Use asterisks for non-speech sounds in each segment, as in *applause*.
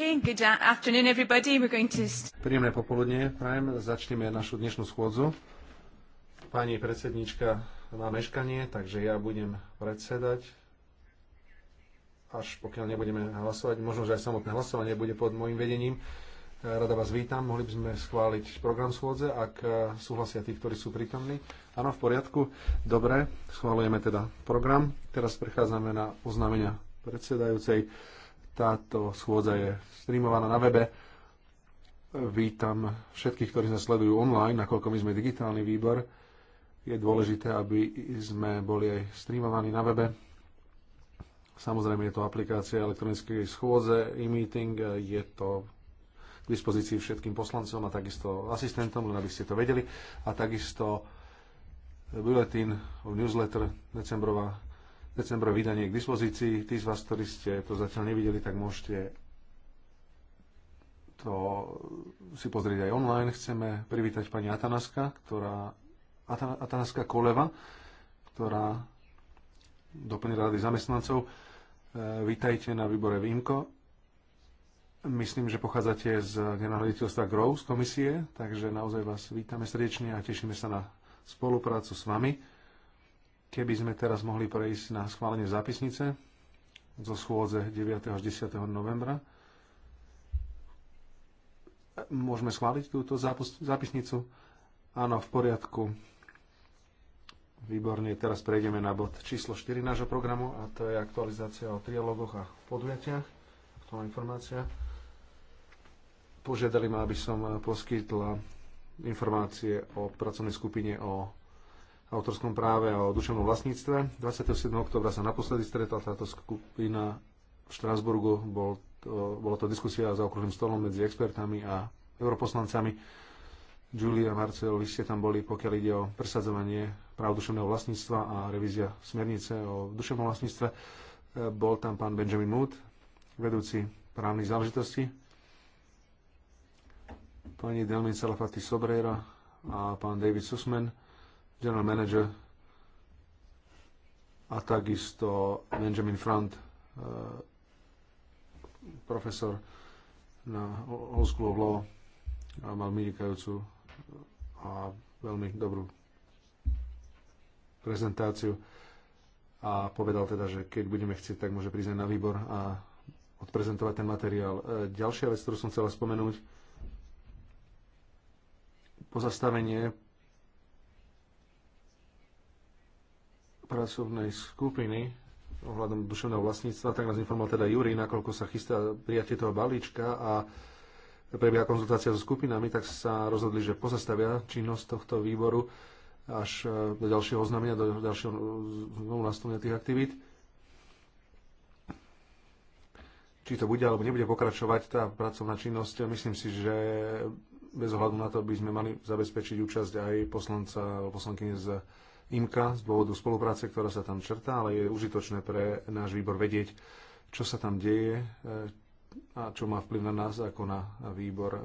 Okay, good afternoon everybody. We're going to... Príjemné popoludne, prajem. Začneme našu dnešnú schôdzu. Pani predsednička má meškanie, takže ja budem predsedať. Až pokiaľ nebudeme hlasovať, možno, že aj samotné hlasovanie bude pod môjim vedením. E, rada vás vítam. Mohli by sme schváliť program schôdze, ak e, súhlasia tí, ktorí sú prítomní. Áno, v poriadku. Dobre, schválujeme teda program. Teraz prechádzame na oznámenia predsedajúcej. Táto schôdza je streamovaná na webe. Vítam všetkých, ktorí nás sledujú online, nakoľko my sme digitálny výbor. Je dôležité, aby sme boli aj streamovaní na webe. Samozrejme je to aplikácia elektronickej schôdze, e-meeting, je to k dispozícii všetkým poslancom a takisto asistentom, len aby ste to vedeli. A takisto bulletin, newsletter decembrová decembra vydanie k dispozícii. Tí z vás, ktorí ste to zatiaľ nevideli, tak môžete to si pozrieť aj online. Chceme privítať pani Atanaska, ktorá, Atanaska Koleva, ktorá doplní rady zamestnancov. E, vítajte na výbore VIMKO. Myslím, že pochádzate z generálneho Grow z komisie, takže naozaj vás vítame srdečne a tešíme sa na spoluprácu s vami. Keby sme teraz mohli prejsť na schválenie zápisnice zo schôdze 9. až 10. novembra, môžeme schváliť túto zápisnicu? Áno, v poriadku. Výborne, teraz prejdeme na bod číslo 4 nášho programu a to je aktualizácia o trialogoch a podujatiach. Aktuálna informácia. Požiadali ma, aby som poskytla informácie o pracovnej skupine o autorskom práve a o duševnom vlastníctve. 27. oktobra sa naposledy stretla táto skupina v Štrásburgu. Bol to, bola to diskusia za okruhým stolom medzi expertami a europoslancami. Julia a Marcel, vy ste tam boli, pokiaľ ide o presadzovanie práv duševného vlastníctva a revízia smernice o duševnom vlastníctve. Bol tam pán Benjamin Mood, vedúci právnych záležitosti, pani Delmin Salafati Sobrera a pán David Susman, general manager a takisto Benjamin Front eh, profesor na Old School of Law a mal vynikajúcu a veľmi dobrú prezentáciu a povedal teda, že keď budeme chcieť, tak môže prísť na výbor a odprezentovať ten materiál. Eh, ďalšia vec, ktorú som chcela spomenúť, pozastavenie pracovnej skupiny ohľadom duševného vlastníctva, tak nás informoval teda Júri, nakoľko sa chystá prijatie toho balíčka a prebieha konzultácia so skupinami, tak sa rozhodli, že pozastavia činnosť tohto výboru až e, do ďalšieho oznámenia, do ďalšieho znovu nastavenia tých aktivít. Či to bude alebo nebude pokračovať tá pracovná činnosť, myslím si, že bez ohľadu na to by sme mali zabezpečiť účasť aj poslanca alebo poslankyne z IMKA z dôvodu spolupráce, ktorá sa tam črtá, ale je užitočné pre náš výbor vedieť, čo sa tam deje eh, a čo má vplyv na nás ako na výbor, eh,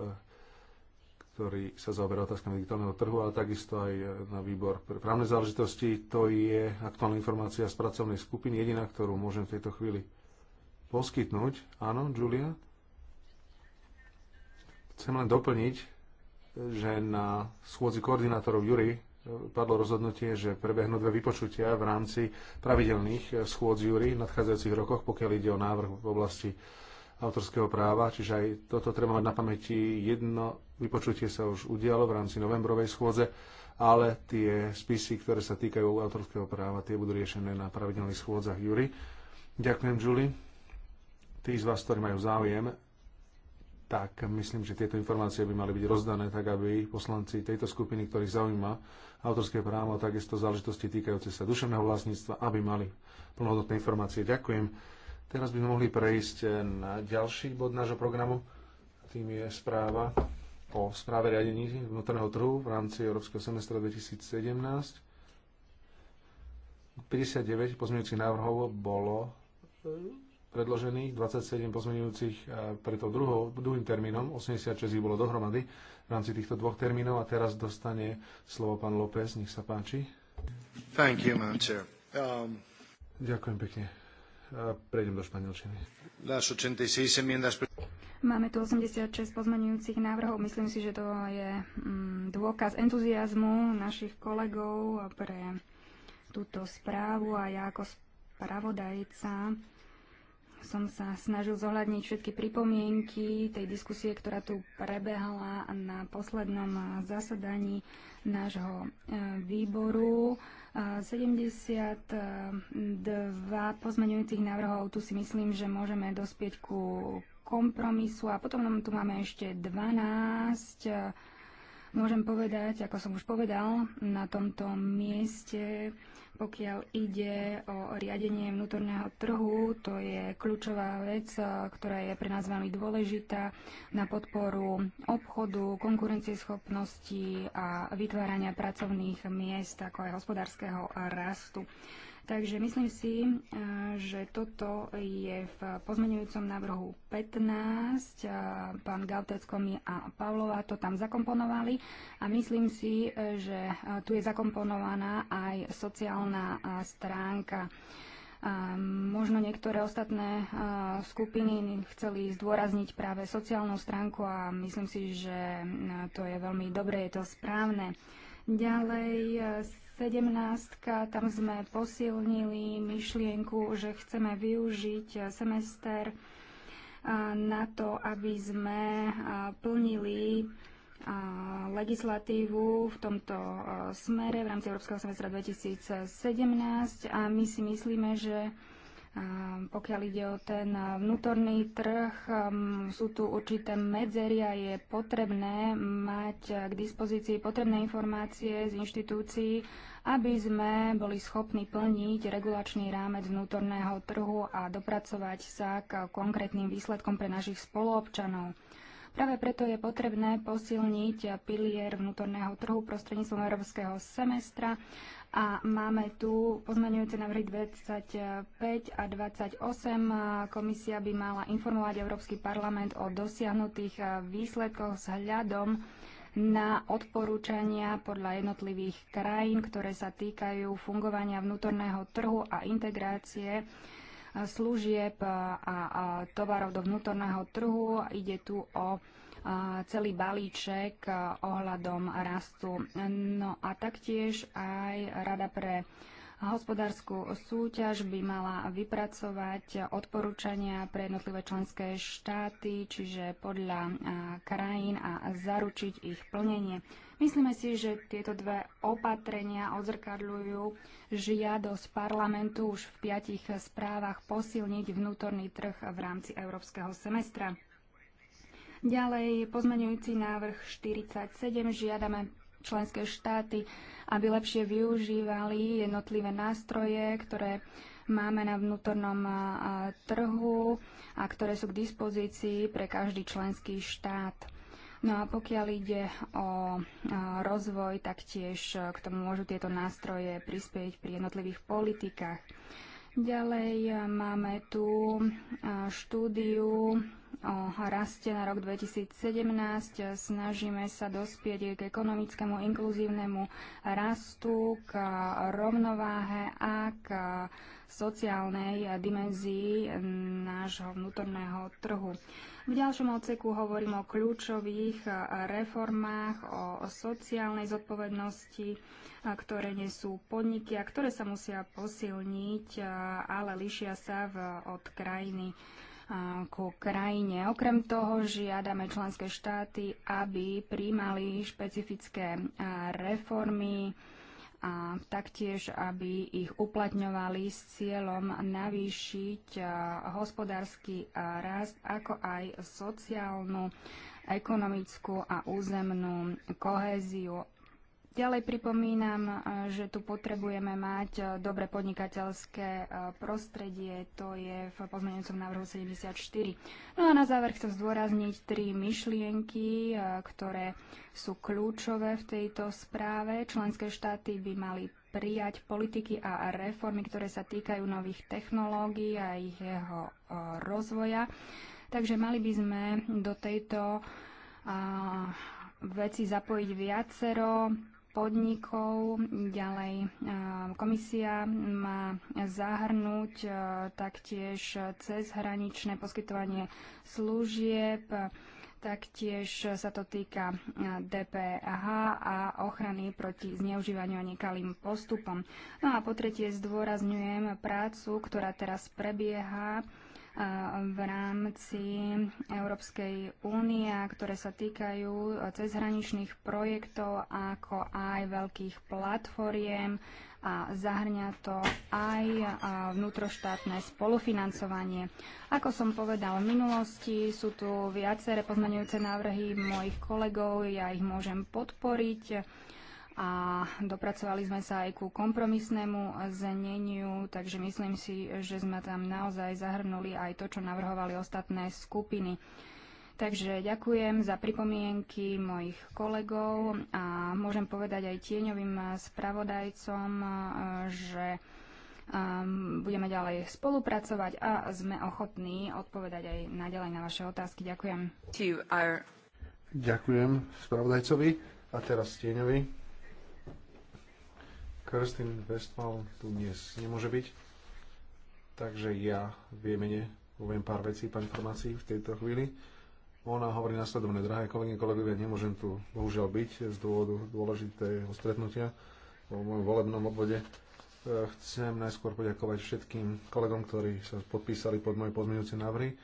ktorý sa zaoberá otázkami digitálneho trhu, ale takisto aj eh, na výbor pre právne záležitosti. To je aktuálna informácia z pracovnej skupiny, jediná, ktorú môžem v tejto chvíli poskytnúť. Áno, Julia? Chcem len doplniť, že na schôdzi koordinátorov Jury padlo rozhodnutie, že prebehnú dve vypočutia v rámci pravidelných schôd júry v nadchádzajúcich rokoch, pokiaľ ide o návrh v oblasti autorského práva, čiže aj toto treba mať na pamäti. Jedno vypočutie sa už udialo v rámci novembrovej schôdze, ale tie spisy, ktoré sa týkajú autorského práva, tie budú riešené na pravidelných schôdzach júry. Ďakujem, Julie. Tí z vás, ktorí majú záujem tak myslím, že tieto informácie by mali byť rozdané tak, aby poslanci tejto skupiny, ktorých zaujíma autorské právo a takisto záležitosti týkajúce sa duševného vlastníctva, aby mali plnohodnotné informácie. Ďakujem. Teraz by sme mohli prejsť na ďalší bod nášho programu. Tým je správa o správe riadení vnútorného trhu v rámci Európskeho semestra 2017. 59 pozmeňujúcich návrhov bolo predložených, 27 pozmenujúcich pre to druhou, druhým termínom, 86 ich bolo dohromady v rámci týchto dvoch termínov a teraz dostane slovo pán López, nech sa páči. Thank you, Madam chair. Um... Ďakujem pekne. Prejdem do španielčiny. Máme tu 86 pozmenujúcich návrhov. Myslím si, že to je mm, dôkaz entuziasmu našich kolegov pre túto správu a ja ako spravodajca som sa snažil zohľadniť všetky pripomienky tej diskusie, ktorá tu prebehala na poslednom eh, zasadaní nášho eh, výboru. 72 eh, pozmeňujúcich návrhov, tu si myslím, že môžeme dospieť ku kompromisu a potom tu máme ešte 12. Môžem povedať, ako som už povedal, na tomto mieste pokiaľ ide o riadenie vnútorného trhu, to je kľúčová vec, e, ktorá je pre nás veľmi dôležitá na podporu obchodu, konkurencieschopnosti a vytvárania pracovných miest, ako aj hospodárskeho rastu. Takže myslím si, eh, že toto je v pozmeňujúcom návrhu 15. Eh, pán Galtecko mi a Pavlova to tam zakomponovali a myslím si, eh, že tu je zakomponovaná aj sociálna stránka. A možno niektoré ostatné skupiny chceli zdôrazniť práve sociálnu stránku a myslím si, že to je veľmi dobre, je to správne. Ďalej 17. Tam sme posilnili myšlienku, že chceme využiť semester na to, aby sme plnili legislatívu v tomto smere v rámci Európskeho semestra 2017 a my si myslíme, že Ehm, pokiaľ ide o ten eh, vnútorný trh, ehm, sú tu určité medzery a je potrebné mať eh, k dispozícii potrebné informácie z inštitúcií, aby sme boli schopní plniť regulačný rámec vnútorného trhu a dopracovať sa k konkrétnym výsledkom pre našich spoluobčanov. Práve preto je potrebné posilniť eh, pilier vnútorného trhu prostredníctvom európskeho semestra a máme tu pozmeňujúce návrhy 25 a 28. Komisia by mala informovať Európsky parlament o dosiahnutých eh, výsledkoch s hľadom na odporúčania podľa jednotlivých krajín, ktoré sa týkajú fungovania vnútorného trhu a integrácie eh, služieb eh, a tovarov do vnútorného trhu. Ide tu o celý balíček ohľadom rastu. No a taktiež aj Rada pre hospodárskú súťaž by mala vypracovať odporúčania pre jednotlivé členské štáty, čiže podľa krajín a zaručiť ich plnenie. Myslíme si, že tieto dve opatrenia odzrkadľujú žiadosť parlamentu už v piatich správach posilniť vnútorný trh v rámci európskeho semestra. Ďalej pozmenujúci návrh 47 žiadame členské štáty, aby lepšie využívali jednotlivé nástroje, ktoré máme na vnútornom trhu a ktoré sú k dispozícii pre každý členský štát. No a pokiaľ ide o rozvoj, tak tiež k tomu môžu tieto nástroje prispieť pri jednotlivých politikách. Ďalej e, máme tu e, štúdiu o raste na rok 2017. Snažíme sa dospieť k ekonomickému inkluzívnemu rastu, k rovnováhe a k sociálnej dimenzii nášho vnútorného trhu. V ďalšom odseku hovorím o kľúčových reformách, o sociálnej zodpovednosti, ktoré nesú podniky a ktoré sa musia posilniť, ale lišia sa v, od krajiny ku krajine. Okrem toho žiadame členské štáty, aby príjmali špecifické reformy, a taktiež, aby ich uplatňovali s cieľom navýšiť hospodársky rast, ako aj sociálnu, ekonomickú a územnú kohéziu Ďalej pripomínam, e, že tu potrebujeme mať e, dobre podnikateľské e, prostredie, to je v pozmeňujúcom návrhu 74. No a na záver chcem zdôrazniť tri myšlienky, ktoré sú kľúčové v tejto správe. Členské štáty by mali prijať politiky a reformy, ktoré sa týkajú nových technológií a ich jeho rozvoja. Takže mali by sme do tejto veci zapojiť viacero podnikov. Ďalej komisia má zahrnúť taktiež cezhraničné poskytovanie služieb, taktiež sa to týka DPH a ochrany proti zneužívaniu a nekalým postupom. No a po tretie zdôrazňujem prácu, ktorá teraz prebieha v rámci Európskej únie, ktoré sa týkajú cezhraničných projektov, ako aj veľkých platformiem a zahrňa to aj vnútroštátne spolufinancovanie. Ako som povedal v minulosti, sú tu viaceré pozmeňujúce návrhy mojich kolegov, ja ich môžem podporiť a dopracovali sme sa aj ku kompromisnému zneniu, takže myslím si, že sme tam naozaj zahrnuli aj to, čo navrhovali ostatné skupiny. Takže ďakujem za pripomienky mojich kolegov a môžem povedať aj tieňovým spravodajcom, že um, budeme ďalej spolupracovať a sme ochotní odpovedať aj naďalej na vaše otázky. Ďakujem. Ďakujem spravodajcovi a teraz tieňovi. Kirsten Westphal tu dnes nemôže byť, takže ja v jemene poviem pár vecí, pár informácií v tejto chvíli. Ona hovorí nasledovne, drahé kolegy, kolegovia, nemôžem tu bohužiaľ byť z dôvodu dôležitého stretnutia vo mojom volebnom obvode. E, chcem najskôr poďakovať všetkým kolegom, ktorí sa podpísali pod moje pozmeňujúce návrhy.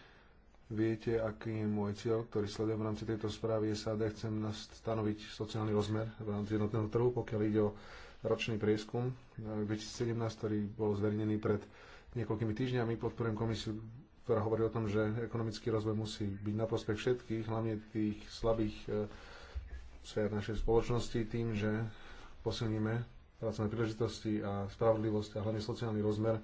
Viete, aký je môj cieľ, ktorý sledujem v rámci tejto správy SAD. Chcem stanoviť sociálny rozmer v rámci jednotného trhu, pokiaľ ide o ročný prieskum 2017, ktorý bol zverejnený pred niekoľkými týždňami. Podporujem komisiu, ktorá hovorí o tom, že ekonomický rozvoj musí byť na prospech všetkých, hlavne tých slabých e, sfér našej spoločnosti tým, že posilníme pracovné príležitosti a spravodlivosť a hlavne sociálny rozmer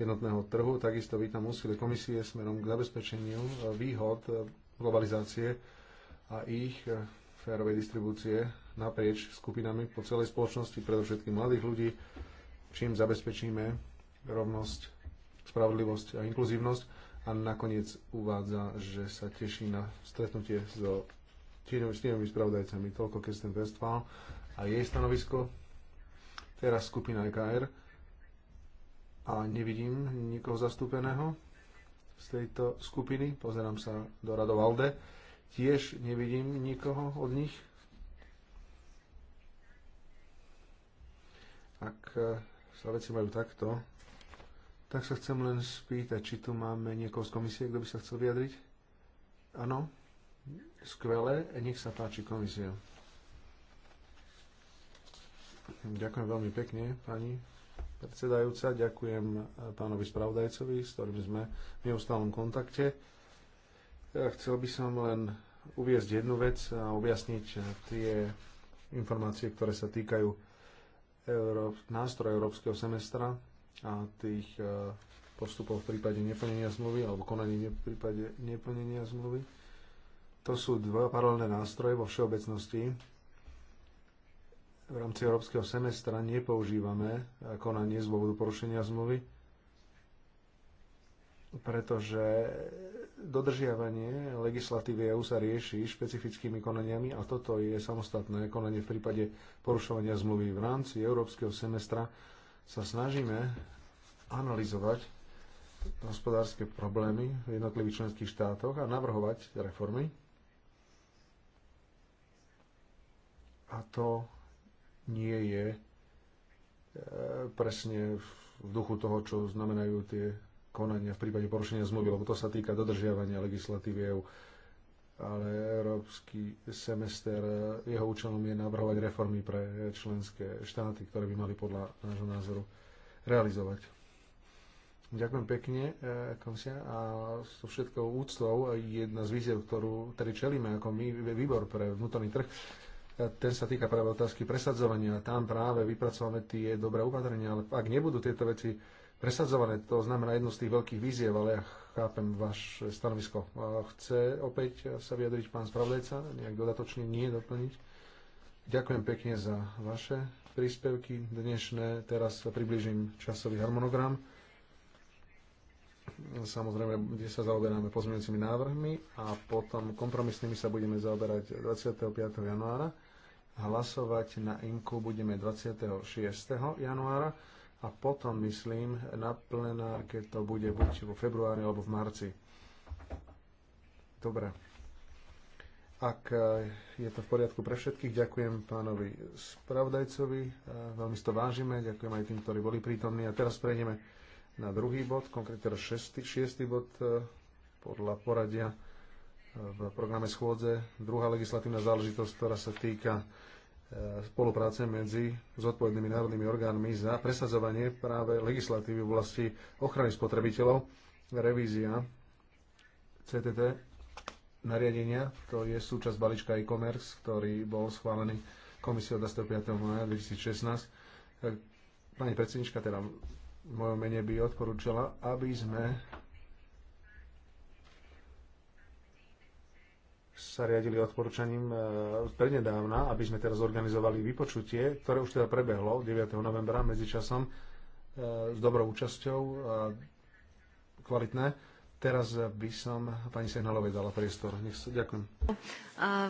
jednotného trhu. Takisto vítam úsilie komisie smerom k zabezpečeniu e, výhod e, globalizácie a ich férovej distribúcie naprieč skupinami po celej spoločnosti, predovšetkým mladých ľudí, čím zabezpečíme rovnosť, spravodlivosť a inkluzívnosť. A nakoniec uvádza, že sa teší na stretnutie so tieňovými spravodajcami. Toľko Kirsten Westphal a jej stanovisko. Teraz skupina EKR. A nevidím nikoho zastúpeného z tejto skupiny. Pozerám sa do Radovalde. Tiež nevidím nikoho od nich. Ak e, sa veci majú takto, tak sa chcem len spýtať, či tu máme niekoho z komisie, kto by sa chcel vyjadriť? Áno? Skvelé, nech sa páči komisia. Ďakujem veľmi pekne, pani predsedajúca. Ďakujem e, pánovi spravodajcovi, s ktorým sme v neustálom kontakte. Ja e, chcel by som len uviezť jednu vec a objasniť tie informácie, ktoré sa týkajú Európ, nástroj európskeho semestra a tých e, postupov v prípade neplnenia zmluvy alebo konaní v prípade neplnenia zmluvy. To sú dva paralelné nástroje vo všeobecnosti. V rámci európskeho semestra nepoužívame konanie z dôvodu porušenia zmluvy pretože dodržiavanie legislatívy EU sa rieši špecifickými konaniami a toto je samostatné konanie v prípade porušovania zmluvy. V rámci európskeho semestra sa snažíme analyzovať hospodárske problémy v jednotlivých členských štátoch a navrhovať reformy. A to nie je e, presne v duchu toho, čo znamenajú tie konania v prípade porušenia zmluvy, lebo to sa týka dodržiavania legislatívy EU. Ale európsky semester, jeho účelom je navrhovať reformy pre členské štáty, ktoré by mali podľa nášho názoru realizovať. Ďakujem pekne, e, komisia. A so všetkou úctou jedna z víziev, ktorú tedy čelíme ako my, výbor pre vnútorný trh, e, ten sa týka práve otázky presadzovania. Tam práve vypracovame tie dobré opatrenia, ale ak nebudú tieto veci presadzované. To znamená jednu z tých veľkých víziev, ale ja chápem vaše stanovisko. Chce opäť sa vyjadriť pán spravodajca? Nejak dodatočne nie doplniť? Ďakujem pekne za vaše príspevky dnešné. Teraz približím časový harmonogram. Samozrejme, kde sa zaoberáme pozmeňujúcimi návrhmi a potom kompromisnými sa budeme zaoberať 25. januára. Hlasovať na INKU budeme 26. januára a potom, myslím, na keď to bude buď vo februári alebo v marci. Dobre. Ak e, je to v poriadku pre všetkých, ďakujem pánovi spravodajcovi, e, veľmi to vážime, ďakujem aj tým, ktorí boli prítomní a teraz prejdeme na druhý bod, konkrétne teraz šestý, šiestý bod e, podľa poradia v programe schôdze. Druhá legislatívna záležitosť, ktorá sa týka E, spolupráce medzi zodpovednými národnými orgánmi za presadzovanie práve legislatívy v oblasti ochrany spotrebiteľov, revízia CTT nariadenia, to je súčasť balíčka e-commerce, ktorý bol schválený komisiou 25. maja 2016. E, pani predsednička, teda v mojom mene by odporúčala, aby sme sa riadili odporúčaním e, prednedávna, aby sme teraz organizovali vypočutie, ktoré už teda prebehlo 9. novembra medzičasom e, s dobrou účasťou, a kvalitné. Teraz by som pani Sehnalovej dala priestor. Nech sa, ďakujem.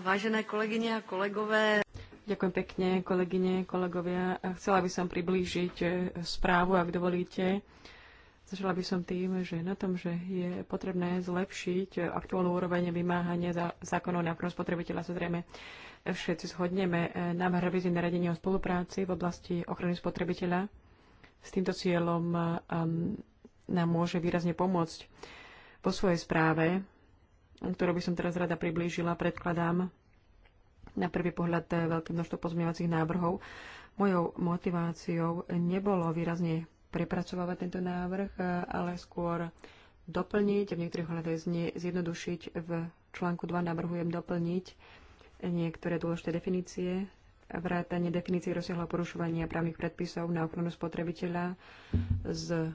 Vážené kolegyne a kolegové. Ďakujem pekne, kolegyne, kolegovia. Chcela by som priblížiť e, správu, ak dovolíte Začala by som tým, že na tom, že je potrebné zlepšiť aktuálnu úroveň vymáhania za zákonov na ochranu spotrebiteľa, sa zrejme všetci zhodneme. E, návrh revízie naradenia o spolupráci v oblasti ochrany spotrebiteľa s týmto cieľom e, nám môže výrazne pomôcť. Po svojej správe, ktorú by som teraz rada priblížila, predkladám na prvý pohľad e, veľké množstvo pozmeňovacích návrhov. Mojou motiváciou nebolo výrazne prepracovávať tento návrh, e, ale skôr doplniť, v niektorých hľadách zjednodušiť. V článku 2 navrhujem doplniť niektoré dôležité definície, vrátanie definície rozsiahleho porušovania právnych predpisov na ochranu spotrebiteľa s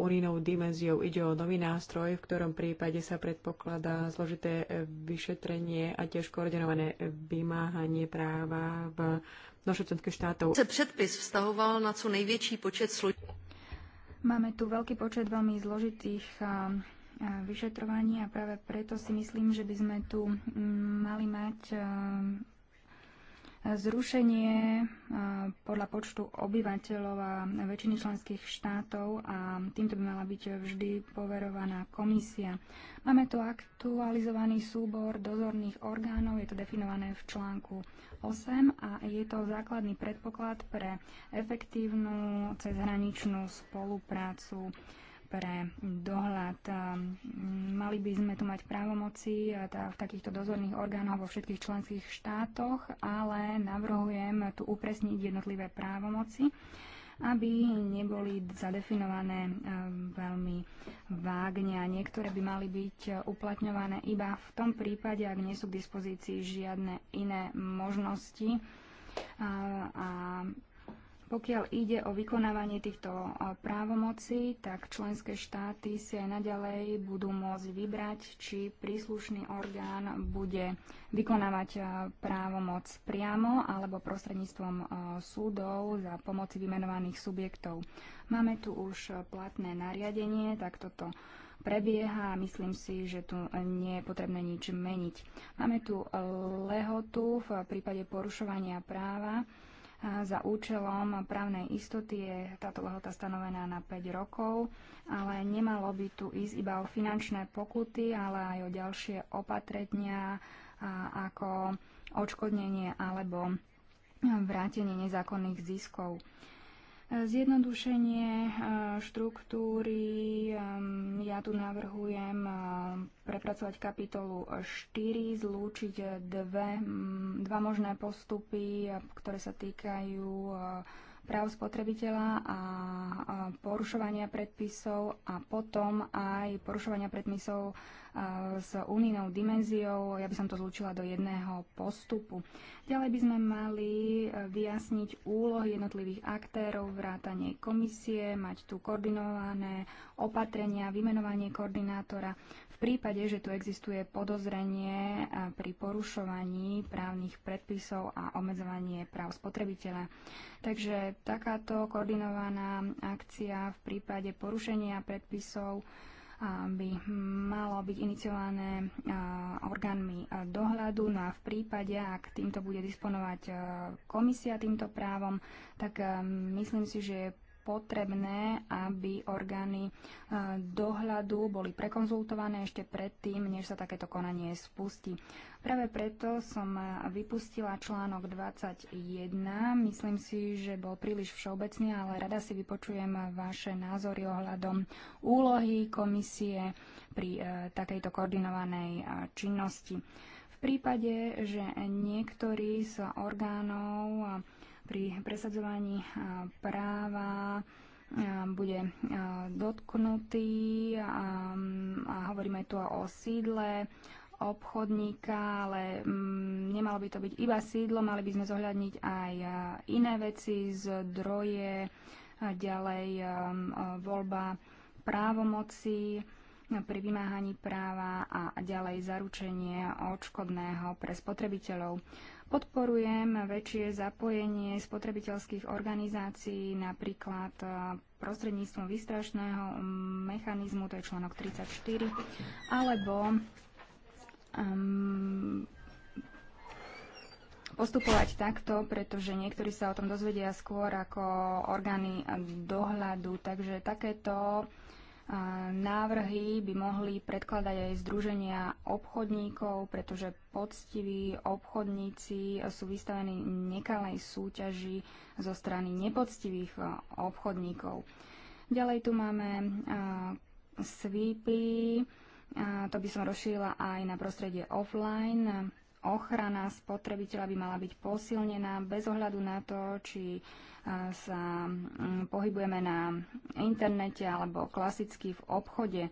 unijnou dimenziou. Ide o nový nástroj, v ktorom prípade sa predpokladá zložité vyšetrenie a tiež koordinované vymáhanie práva v členských štátov. Predpis vztahoval na co počet slu... Máme tu veľký počet veľmi zložitých vyšetrovaní a práve preto si myslím, že by sme tu mali mať zrušenie podľa počtu obyvateľov a väčšiny členských štátov a týmto by mala byť vždy poverovaná komisia. Máme tu aktualizovaný súbor dozorných orgánov, je to definované v článku 8 a je to základný predpoklad pre efektívnu cezhraničnú spoluprácu pre dohľad. Mm, mali by sme tu mať právomoci v takýchto dozorných orgánoch vo všetkých členských štátoch, ale navrhujem tu upresniť jednotlivé právomoci aby neboli zadefinované veľmi vágne a niektoré by mali byť uplatňované iba v tom prípade, ak nie sú k dispozícii žiadne iné možnosti a, a pokiaľ ide o vykonávanie týchto právomocí, tak členské štáty si aj naďalej budú môcť vybrať, či príslušný orgán bude vykonávať právomoc priamo alebo prostredníctvom súdov za pomoci vymenovaných subjektov. Máme tu už platné nariadenie, tak toto prebieha a myslím si, že tu nie je potrebné nič meniť. Máme tu lehotu v prípade porušovania práva za účelom právnej istoty je táto lehota stanovená na 5 rokov, ale nemalo by tu ísť iba o finančné pokuty, ale aj o ďalšie opatrenia ako odškodnenie alebo vrátenie nezákonných ziskov. Zjednodušenie eh, štruktúry, ehm, ja tu navrhujem eh, prepracovať kapitolu 4, zlúčiť dve, mm, dva možné postupy, eh, ktoré sa týkajú práv spotrebiteľa a porušovania predpisov a potom aj porušovania predpisov s unijnou dimenziou. Ja by som to zlúčila do jedného postupu. Ďalej by sme mali e, vyjasniť úlohy jednotlivých aktérov, vrátanie komisie, mať tu koordinované opatrenia, vymenovanie koordinátora prípade, že tu existuje podozrenie pri porušovaní právnych predpisov a obmedzovanie práv spotrebiteľa. Takže takáto koordinovaná akcia v prípade porušenia predpisov by malo byť iniciované orgánmi dohľadu. No a v prípade, ak týmto bude disponovať komisia týmto právom, tak myslím si, že je potrebné, aby orgány e, dohľadu boli prekonzultované ešte predtým, než sa takéto konanie spustí. Práve preto som e, vypustila článok 21. Myslím si, že bol príliš všeobecný, ale rada si vypočujem vaše názory ohľadom úlohy komisie pri e, takejto koordinovanej činnosti. V prípade, že niektorý z orgánov pri presadzovaní práva bude dotknutý a, a hovoríme tu o sídle obchodníka, ale mm, nemalo by to byť iba sídlo, mali by sme zohľadniť aj iné veci, zdroje, a ďalej voľba právomoci pri vymáhaní práva a ďalej zaručenie odškodného pre spotrebiteľov. Podporujem väčšie zapojenie spotrebiteľských organizácií, napríklad e, prostredníctvom výstražného mechanizmu, to je článok 34, alebo um, postupovať takto, pretože niektorí sa o tom dozvedia skôr ako orgány dohľadu. Takže takéto Návrhy by mohli predkladať aj združenia obchodníkov, pretože poctiví obchodníci sú vystavení nekalej súťaži zo strany nepoctivých e, obchodníkov. Ďalej tu máme e, svípy, to by som rozšírila aj na prostredie offline ochrana spotrebiteľa by mala byť posilnená bez ohľadu na to, či e, sa mm, pohybujeme na internete alebo klasicky v obchode. E,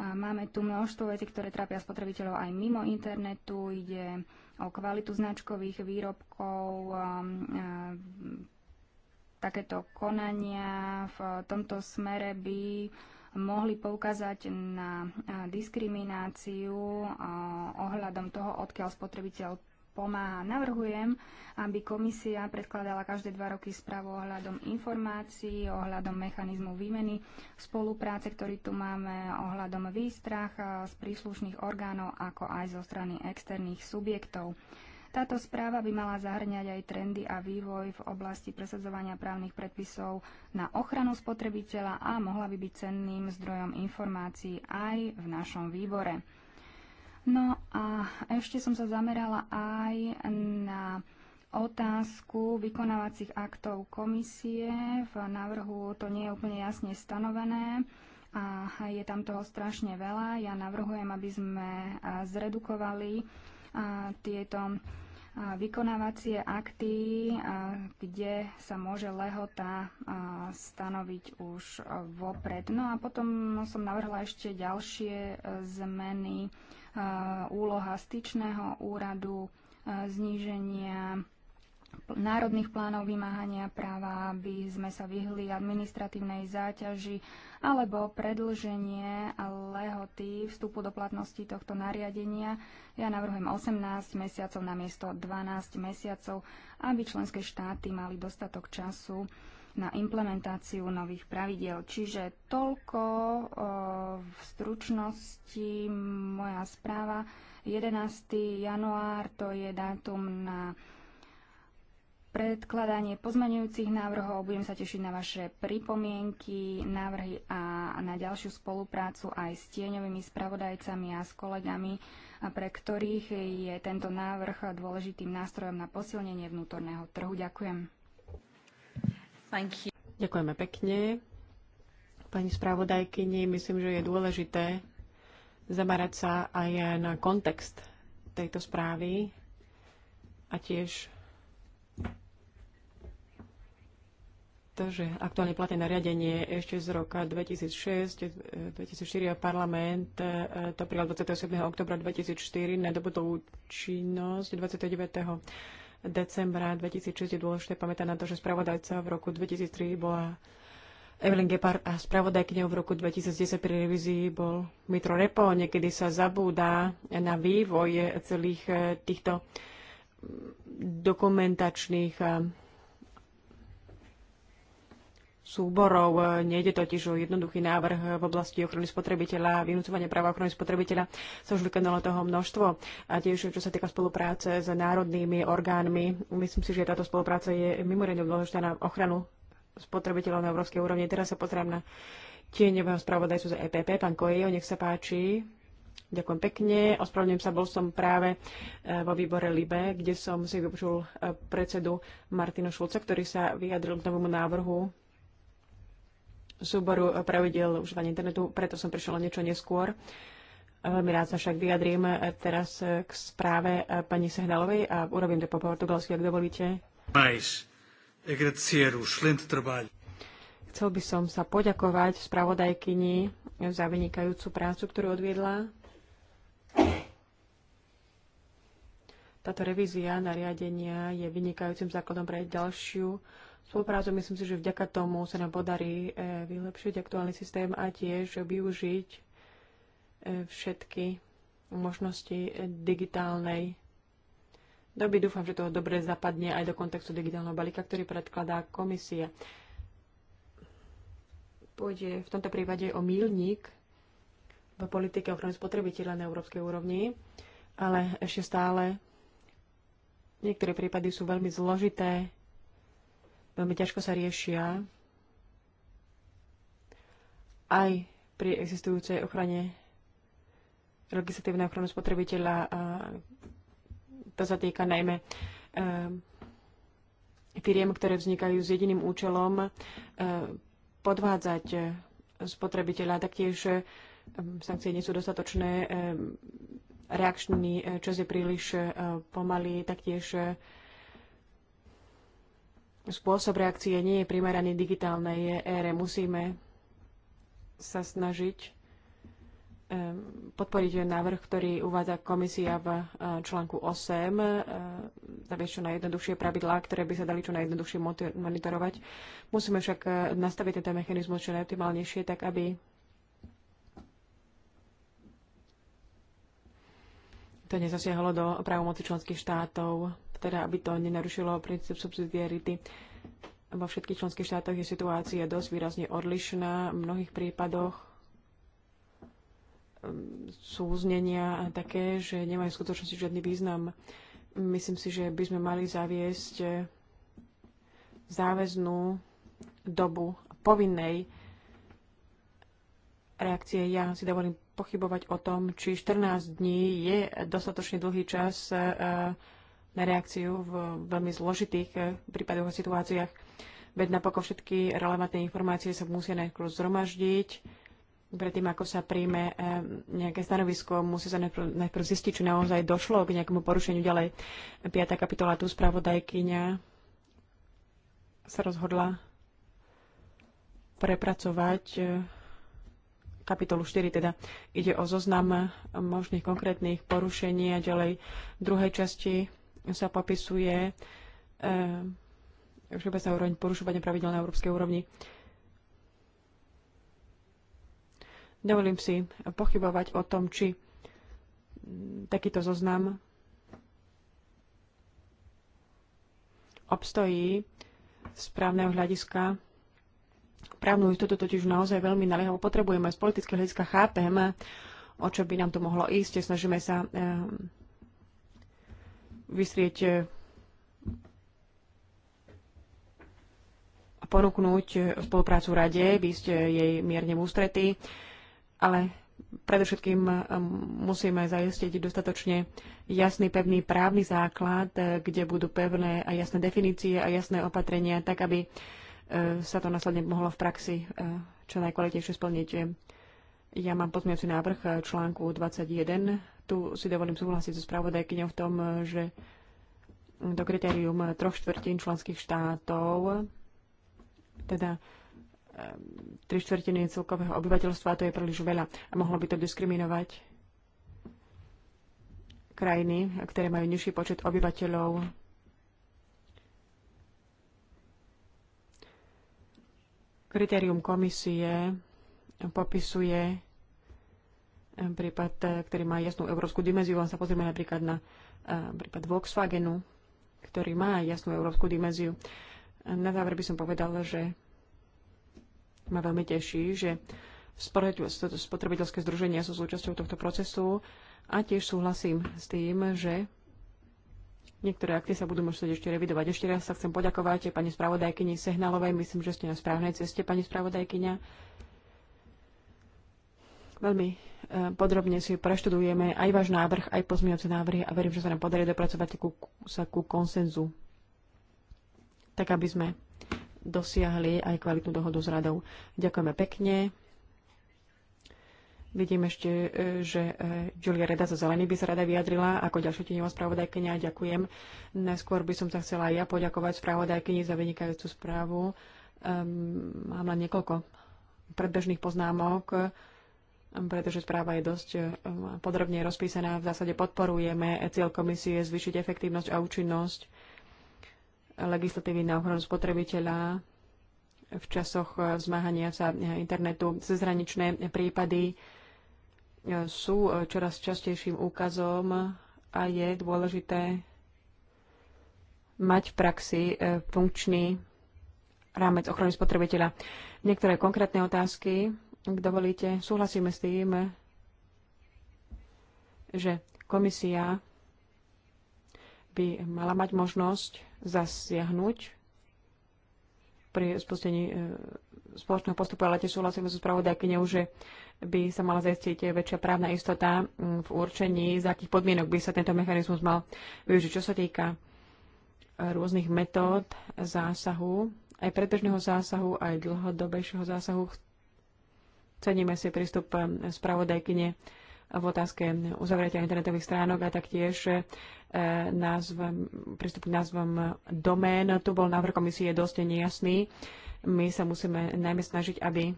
máme tu množstvo vecí, ktoré trápia spotrebiteľov aj mimo internetu. Ide o kvalitu značkových výrobkov, e, takéto konania v tomto smere by mohli poukázať na diskrimináciu ohľadom toho, odkiaľ spotrebiteľ pomáha. Navrhujem, aby komisia predkladala každé dva roky správu ohľadom informácií, ohľadom mechanizmu výmeny spolupráce, ktorý tu máme, ohľadom výstrach z príslušných orgánov, ako aj zo strany externých subjektov. Táto správa by mala zahrňať aj trendy a vývoj v oblasti presadzovania právnych predpisov na ochranu spotrebiteľa a mohla by byť cenným zdrojom informácií aj v našom výbore. No a ešte som sa zamerala aj na otázku vykonávacích aktov komisie. V návrhu to nie je úplne jasne stanovené a je tam toho strašne veľa. Ja navrhujem, aby sme zredukovali tieto vykonávacie akty, kde sa môže lehota stanoviť už vopred. No a potom som navrhla ešte ďalšie e, zmeny úloha styčného úradu, zníženia národných plánov vymáhania práva, aby sme sa vyhli administratívnej záťaži alebo predlženie lehoty vstupu do platnosti tohto nariadenia. Ja navrhujem 18 mesiacov na miesto 12 mesiacov, aby členské štáty mali dostatok času na implementáciu nových pravidiel. Čiže toľko o, v stručnosti moja správa. 11. január to je dátum na predkladanie pozmenujúcich návrhov. Budem sa tešiť na vaše pripomienky, návrhy a na ďalšiu spoluprácu aj s tieňovými spravodajcami a s kolegami, pre ktorých je tento návrh dôležitým nástrojom na posilnenie vnútorného trhu. Ďakujem. Ďakujeme pekne. Pani spravodajkyni, myslím, že je dôležité zamerať sa aj na kontext tejto správy a tiež to, že aktuálne platné nariadenie ešte z roka 2006-2004 e, parlament e, to prijal 27. oktobra 2004 na účinnosť 29. decembra 2006 je dôležité pamätať na to, že spravodajca v roku 2003 bola Evelyn Gepard a spravodajkňou v roku 2010 pri revizii bol Mitro Repo. Niekedy sa zabúda na vývoj celých e, týchto dokumentačných súborov. Nejde totiž o jednoduchý návrh v oblasti ochrany spotrebiteľa, vynúcovania práva ochrany spotrebiteľa. Sa už vykonalo toho množstvo. A tiež, čo sa týka spolupráce s národnými orgánmi, myslím si, že táto spolupráca je mimoriadne dôležitá na ochranu spotrebiteľov na európskej úrovni. Teraz sa na tieňového spravodajcu za EPP, pán Kojo, nech sa páči. Ďakujem pekne. Ospravedlňujem sa, bol som práve eh, vo výbore LIBE, kde som si vypočul eh, predsedu Martina Šulca, ktorý sa vyjadril k novému návrhu súboru pravidel užívania internetu, preto som prišla niečo neskôr. Veľmi rád sa však vyjadrím teraz k správe pani Sehnalovej a urobím to po portugalsky, ak dovolíte. Chcel by som sa poďakovať spravodajkyni za vynikajúcu prácu, ktorú odviedla. Táto revízia nariadenia je vynikajúcim základom pre ďalšiu spoluprácu. Myslím si, že vďaka tomu sa nám podarí e, vylepšiť aktuálny systém a tiež využiť e, všetky možnosti e, digitálnej doby. Dúfam, že to dobre zapadne aj do kontextu digitálneho balíka, ktorý predkladá komisia. Pôjde v tomto prípade o mílnik v politike ochrany spotrebiteľa na európskej úrovni, ale ešte stále niektoré prípady sú veľmi zložité, Veľmi ťažko sa riešia aj pri existujúcej ochrane legislatívnej ochranu spotrebiteľa. A to sa týka najmä eh, firiem, ktoré vznikajú s jediným účelom eh, podvádzať eh, spotrebiteľa. Taktiež sankcie nie sú dostatočné, reakčný čas je príliš pomalý, taktiež spôsob reakcie nie je primeraný digitálnej ére. Musíme sa snažiť podporiť návrh, ktorý uvádza komisia v e, článku 8, zaviesť e, čo najjednoduchšie pravidlá, ktoré by sa dali čo najjednoduchšie monitorovať. Musíme však e, nastaviť tento mechanizmus čo najoptimálnejšie, tak aby to nezasiahlo do právomoci členských štátov teda aby to nenarušilo princíp subsidiarity. Vo všetkých členských štátoch je situácia dosť výrazne odlišná. V mnohých prípadoch ehm, sú znenia také, že nemajú v skutočnosti žiadny význam. Myslím si, že by sme mali zaviesť eh, záväznú dobu povinnej reakcie. Ja si dovolím pochybovať o tom, či 14 dní je dostatočne dlhý čas eh, na reakciu v veľmi zložitých eh, prípadoch a situáciách. Veď napokon všetky relevantné informácie sa musia najprv zhromaždiť. Predtým, ako sa príjme eh, nejaké stanovisko, musí sa najprv, najprv zistiť, či naozaj došlo k nejakému porušeniu. Ďalej, 5. kapitola tu spravodajkyňa sa rozhodla prepracovať eh, kapitolu 4, teda ide o zoznam možných konkrétnych porušení a ďalej v druhej časti sa popisuje eh, všeobecná úroveň porušovania pravidel na európskej úrovni. Dovolím si pochybovať o tom, či takýto zoznam obstojí z právneho hľadiska. Právnu istotu totiž naozaj veľmi naliehavo potrebujeme. Z politického hľadiska chápem, o čo by nám to mohlo ísť. Snažíme sa eh, vysrieť e, a ponúknuť e, spoluprácu rade, by ste jej mierne ústretí, ale predovšetkým e, musíme zajistiť dostatočne jasný, pevný právny základ, kde budú pevné a jasné definície a jasné opatrenia, tak aby sa to následne mohlo v praxi čo najkvalitejšie splniť. Ja mám pozmiaci návrh článku 21 tu si dovolím súhlasiť so spravodajkyňou v tom, že to kritérium troch štvrtín členských štátov, teda tri štvrtiny celkového obyvateľstva, to je príliš veľa a mohlo by to diskriminovať krajiny, ktoré majú nižší počet obyvateľov. Kritérium komisie popisuje prípad, eh, ktorý má jasnú európsku dimenziu. Len sa pozrieme napríklad na eh, prípad Volkswagenu, ktorý má jasnú európsku dimenziu. Na záver by som povedala, že ma veľmi teší, že spotrebiteľské združenia sú súčasťou tohto procesu a tiež súhlasím s tým, že niektoré akty sa budú musieť ešte revidovať. Ešte raz sa chcem poďakovať pani spravodajkyni Sehnalovej. Myslím, že ste na správnej ceste, pani spravodajkyňa. Veľmi e, podrobne si preštudujeme aj váš návrh, aj pozmiňujúce návrhy a verím, že sa nám podarí dopracovať ku, sa ku konsenzu, tak aby sme dosiahli aj kvalitnú dohodu s radou. Ďakujeme pekne. Vidím ešte, e, že e, Julia Reda za Zelený by sa rada vyjadrila ako ďalšia tieňová spravodajkynia. Ďakujem. Najskôr by som sa chcela aj ja poďakovať spravodajkyni za vynikajúcu správu. Um, mám len niekoľko predbežných poznámok pretože správa je dosť eh, podrobne rozpísaná. V zásade podporujeme cieľ komisie zvýšiť efektívnosť a účinnosť legislatívy na ochranu spotrebiteľa v časoch eh, zmáhania sa eh, internetu. Cezhraničné prípady sú čoraz častejším úkazom a je dôležité mať v praxi funkčný rámec ochrany spotrebiteľa. Niektoré konkrétne otázky ak dovolíte, súhlasíme s tým, že komisia by mala mať možnosť zasiahnuť pri spustení e, spoločného postupu, ale tiež súhlasíme so spravodajkyňou, že by sa mala zaistiť väčšia právna istota v určení, za akých podmienok by sa tento mechanizmus mal využiť. Čo sa týka e, rôznych metód zásahu, aj predbežného zásahu, aj dlhodobejšieho zásahu, Ceníme si prístup eh, spravodajkyne v otázke uzavretia internetových stránok a taktiež eh, názv, prístup k názvom domén. Tu bol návrh komisie dosť nejasný. My sa musíme najmä snažiť, aby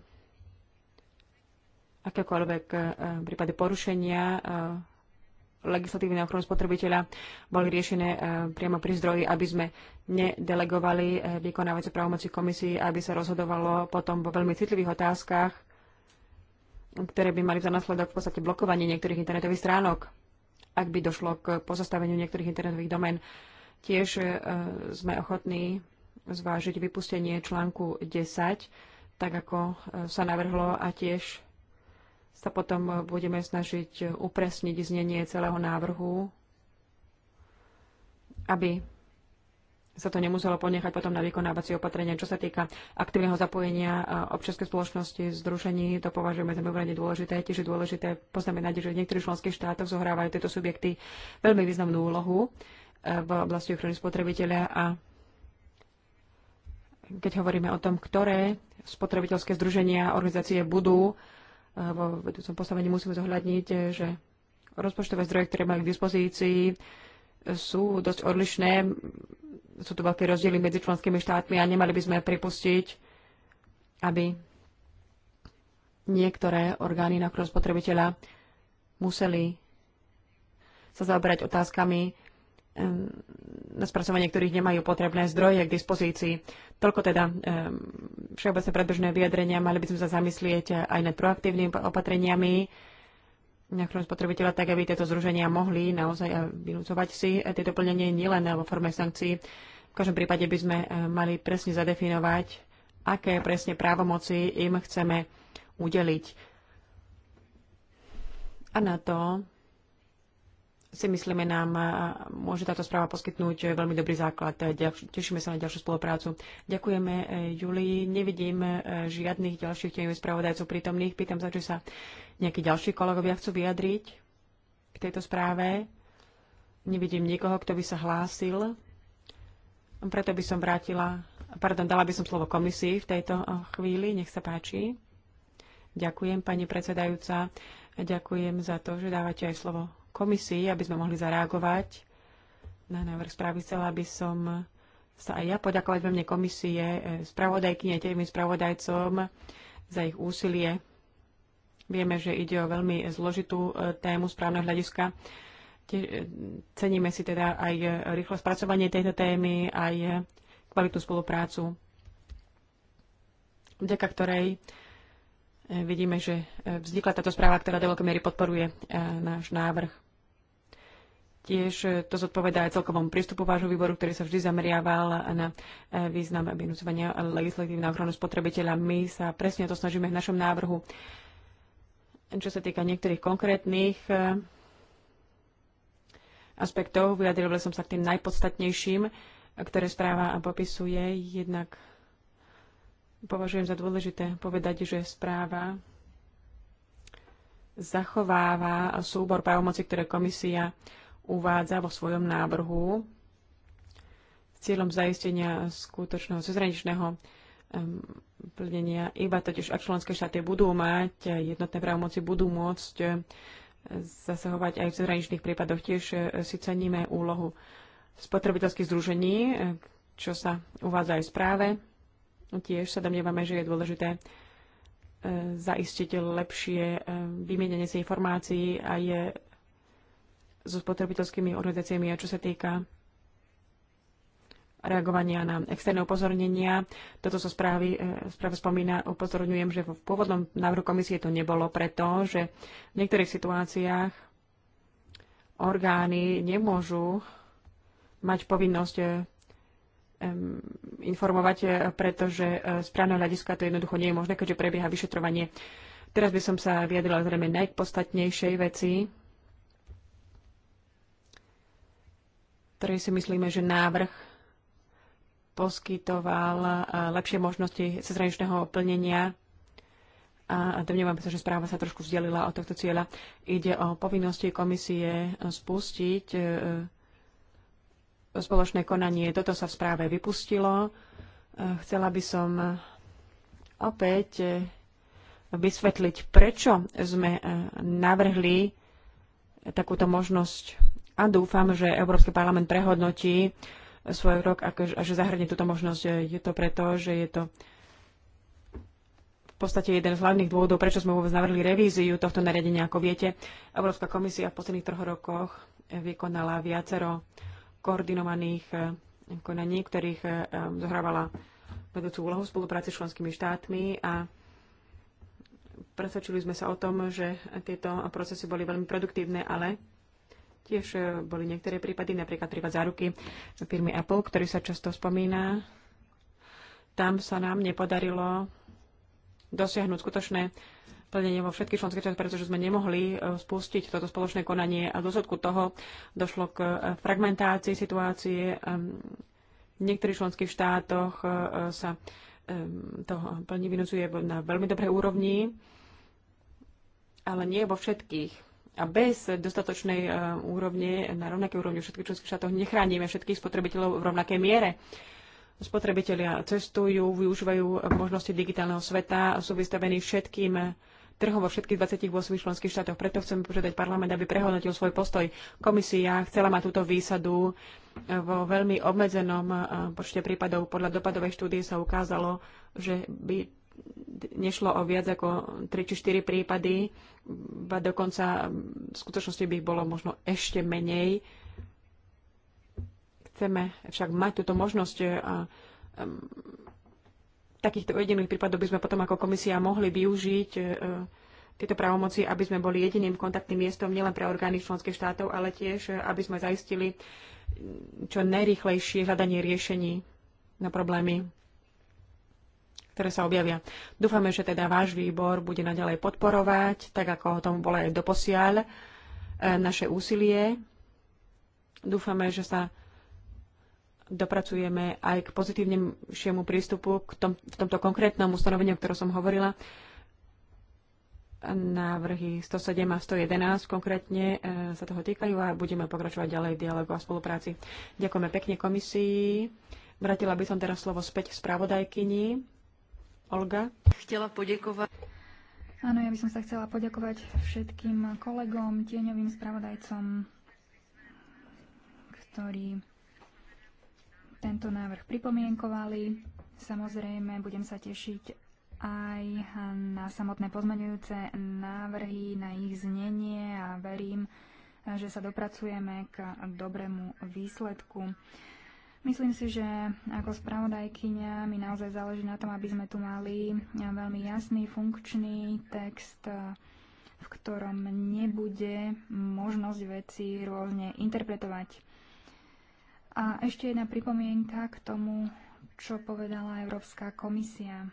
akékoľvek eh, prípady porušenia legislatívne ochranu spotrebiteľa boli riešené priamo pri zdroji, aby sme nedelegovali vykonávacie právomoci komisii, aby sa rozhodovalo potom vo veľmi citlivých otázkach, ktoré by mali za následok v podstate blokovanie niektorých internetových stránok, ak by došlo k pozastaveniu niektorých internetových domén. Tiež e, sme ochotní zvážiť vypustenie článku 10, tak ako e, sa navrhlo a tiež sa potom budeme snažiť upresniť znenie celého návrhu, aby sa to nemuselo ponechať potom na vykonávacie opatrenia. Čo sa týka aktívneho zapojenia občianskej spoločnosti, združení, to považujeme za veľmi dôležité. Tiež je dôležité poznamenať, že v niektorých členských štátoch zohrávajú tieto subjekty veľmi významnú úlohu e, v oblasti ochrany spotrebiteľa a keď hovoríme o tom, ktoré spotrebiteľské združenia a organizácie budú e, vo vedúcom postavení, musíme zohľadniť, že rozpočtové zdroje, ktoré majú k dispozícii, sú dosť odlišné. Sú tu veľké rozdiely medzi členskými štátmi a nemali by sme pripustiť, aby niektoré orgány na okruh spotrebiteľa museli sa zaoberať otázkami na spracovanie ktorých nemajú potrebné zdroje k dispozícii. Toľko teda všeobecné predbežné vyjadrenia. Mali by sme sa zamyslieť aj nad proaktívnymi opatreniami, na ochranu spotrebiteľa, tak aby tieto zruženia mohli naozaj eh, vynúcovať si eh, tieto plnenie nielen vo forme sankcií. V každom prípade by sme eh, mali presne zadefinovať, aké presne právomoci im chceme udeliť. A na to si myslíme, nám môže táto správa poskytnúť veľmi dobrý základ. Tešíme sa na ďalšiu spoluprácu. Ďakujeme e, Julii. Nevidím e, žiadnych ďalších tieňových spravodajcov prítomných. Pýtam sa, či sa nejakí ďalší kolegovia chcú vyjadriť k tejto správe. Nevidím nikoho, kto by sa hlásil. Preto by som vrátila, pardon, dala by som slovo komisii v tejto e, chvíli. Nech sa páči. Ďakujem, pani predsedajúca. Ďakujem za to, že dávate aj slovo komisii, aby sme mohli zareagovať na návrh správy. Chcela by som sa aj ja poďakovať ve mne komisie, e, spravodajky tým spravodajcom za ich úsilie. Vieme, že ide o veľmi zložitú e, tému správneho hľadiska. E, ceníme si teda aj rýchlo spracovanie tejto témy, aj kvalitnú spoluprácu, vďaka ktorej vidíme, že vznikla táto správa, ktorá do veľkej miery podporuje náš návrh. Tiež e, to zodpovedá aj celkovom prístupu vášho výboru, ktorý sa vždy zameriaval na e, význam vynúcovania legislatívna ochranu spotrebiteľa. My sa presne to snažíme v našom návrhu. Čo sa týka niektorých konkrétnych e, aspektov, vyjadril som sa k tým najpodstatnejším, ktoré správa popisuje. Jednak považujem za dôležité povedať, že správa zachováva súbor právomoci, ktoré komisia uvádza vo svojom návrhu s cieľom zaistenia skutočného cezhraničného plnenia, iba totiž ak členské štáty budú mať jednotné právomoci, budú môcť e, zasahovať aj v zahraničných prípadoch. Tiež e, si ceníme úlohu spotrebiteľských združení, e, čo sa uvádza aj v správe. Tiež sa domnievame, že je dôležité zaistiť lepšie vymienenie si informácií a je so spotrebiteľskými organizáciami a čo sa týka reagovania na externé upozornenia. Toto sa so správy, e, správe spomína, upozorňujem, že v pôvodnom návrhu komisie to nebolo, preto, že v niektorých situáciách orgány nemôžu mať povinnosť e, informovať, e, pretože z právneho hľadiska to jednoducho nie je možné, keďže prebieha vyšetrovanie. Teraz by som sa vyjadrila zrejme najpodstatnejšej veci, ktorej si myslíme, že návrh poskytoval eh, lepšie možnosti cezraničného plnenia a domnievam sa, že správa sa trošku vzdialila od tohto cieľa. Ide o povinnosti komisie spustiť eh, spoločné konanie. Toto sa v správe vypustilo. Eh, chcela by som opäť vysvetliť, prečo sme navrhli takúto možnosť a dúfam, že Európsky parlament prehodnotí svoj rok a že zahrnie túto možnosť. Je to preto, že je to v podstate jeden z hlavných dôvodov, prečo sme vôbec navrhli revíziu tohto nariadenia. Ako viete, Európska komisia v posledných troch rokoch vykonala viacero koordinovaných eh, konaní, ktorých eh, zohrávala vedúcu úlohu v spolupráci s členskými štátmi a presvedčili sme sa o tom, že tieto procesy boli veľmi produktívne, ale Tiež e, boli niektoré prípady, napríklad prípad záruky firmy Apple, ktorý sa často spomína. Tam sa nám nepodarilo dosiahnuť skutočné plnenie vo všetkých členských štátoch, pretože sme nemohli e, spustiť toto spoločné konanie a v dôsledku toho došlo k e, fragmentácii situácie. Ehm, v niektorých členských štátoch sa ehm, to plne vynúcuje na veľmi dobrej úrovni, ale nie vo všetkých a bez dostatočnej e, úrovne, na rovnakej úrovni všetkých členských štátoch, nechránime všetkých spotrebiteľov v rovnakej miere. Spotrebitelia cestujú, využívajú možnosti digitálneho sveta, sú vystavení všetkým trhom vo všetkých 28 členských štátoch. Preto chcem požiadať parlament, aby prehodnotil svoj postoj. Komisia chcela mať túto výsadu vo veľmi obmedzenom e, počte prípadov. Podľa dopadovej štúdie sa ukázalo, že by nešlo o viac ako 3 či 4 prípady, a dokonca v skutočnosti by ich bolo možno ešte menej. Chceme však mať túto možnosť a um, takýchto jediných prípadov by sme potom ako komisia mohli využiť e, tieto právomoci, aby sme boli jediným kontaktným miestom nielen pre orgány členských štátov, ale tiež, e, aby sme zaistili čo najrýchlejšie hľadanie riešení na problémy ktoré sa objavia. Dúfame, že teda váš výbor bude naďalej podporovať, tak ako o tom bolo aj doposiaľ, e, naše úsilie. Dúfame, že sa dopracujeme aj k pozitívnejšiemu prístupu k tom, v tomto konkrétnom ustanoveniu, o ktorom som hovorila. Návrhy 107 a 111 konkrétne e, sa toho týkajú a budeme pokračovať ďalej v dialogu a spolupráci. Ďakujeme pekne komisii. Vratila by som teraz slovo späť spravodajkyni Olga? Chtela poďakovať. Áno, ja by som sa chcela poďakovať všetkým kolegom, tieňovým spravodajcom, ktorí tento návrh pripomienkovali. Samozrejme, budem sa tešiť aj na samotné pozmeňujúce návrhy, na ich znenie a verím, že sa dopracujeme k dobrému výsledku. Myslím si, že ako spravodajkyňa mi naozaj záleží na tom, aby sme tu mali veľmi jasný, funkčný text, e, v ktorom nebude možnosť veci rôzne interpretovať. A ešte jedna pripomienka k tomu, čo povedala Európska komisia.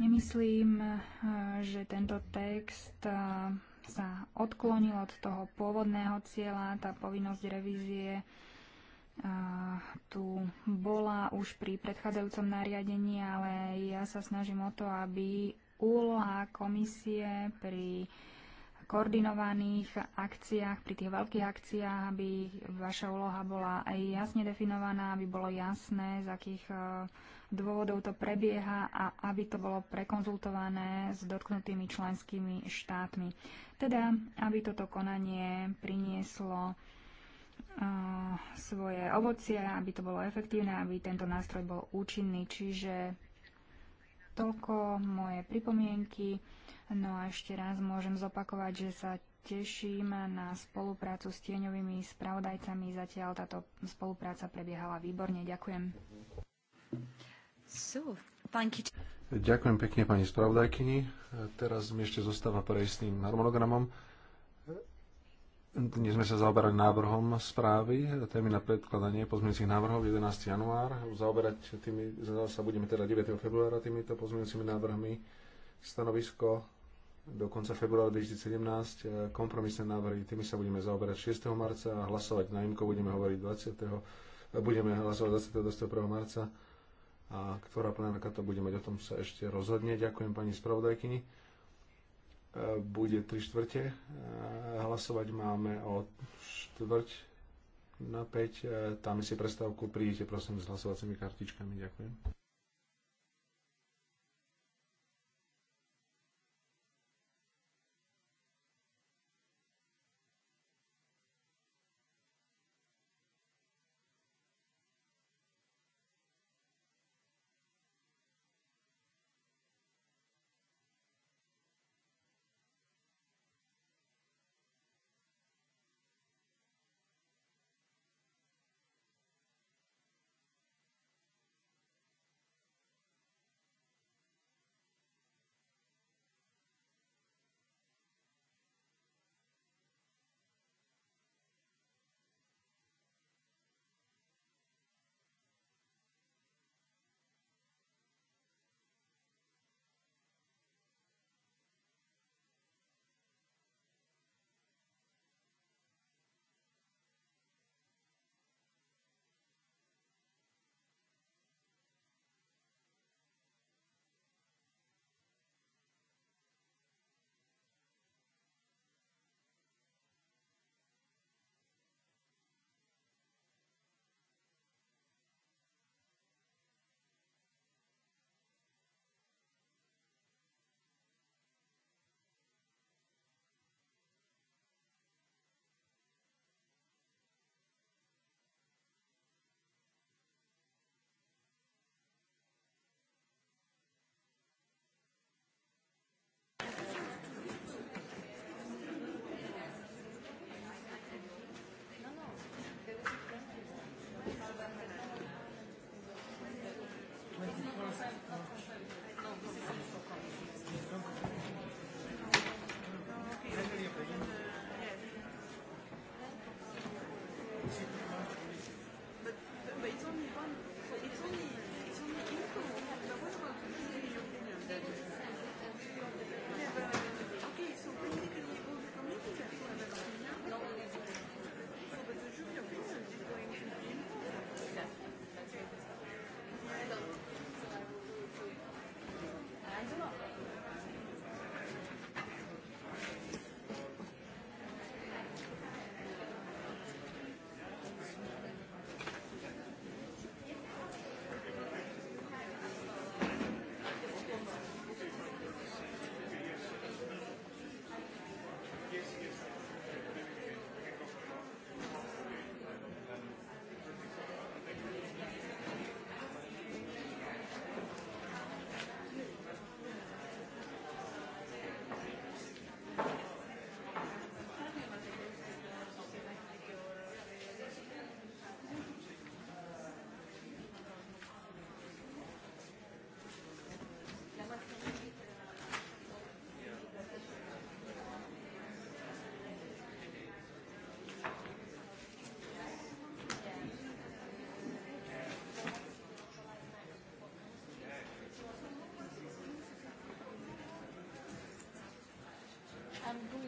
Nemyslím, e, že tento text e, sa odklonil od toho pôvodného cieľa, tá povinnosť revízie tu bola už pri predchádzajúcom nariadení, ale ja sa snažím o to, aby úloha komisie pri koordinovaných akciách, pri tých veľkých akciách, aby vaša úloha bola aj jasne definovaná, aby bolo jasné, z akých e, dôvodov to prebieha a aby to bolo prekonzultované s dotknutými členskými štátmi. Teda, aby toto konanie prinieslo svoje ovocie, aby to bolo efektívne, aby tento nástroj bol účinný. Čiže toľko moje pripomienky. No a ešte raz môžem zopakovať, že sa teším na spoluprácu s tieňovými spravodajcami. Zatiaľ táto spolupráca prebiehala výborne. Ďakujem. So, Ďakujem pekne pani spravodajkyni. Teraz mi ešte zostáva prejsť s tým harmonogramom. Dnes sme sa zaoberali návrhom správy, témy na predkladanie pozmeňujúcich návrhov 11. január. Zaoberať tými, sa budeme teda 9. februára týmito pozmeňujúcimi návrhmi. Stanovisko do konca februára 2017, kompromisné návrhy, tými sa budeme zaoberať 6. marca a hlasovať na IMKO budeme hovoriť 20. Budeme hlasovať 20. 21. marca a ktorá plenárka to bude mať, o tom sa ešte rozhodne. Ďakujem pani spravodajkyni bude 3 štvrte. E, hlasovať máme o štvrť na 5. E, tam si prestávku. prídete, prosím s hlasovacími kartičkami. Ďakujem. can do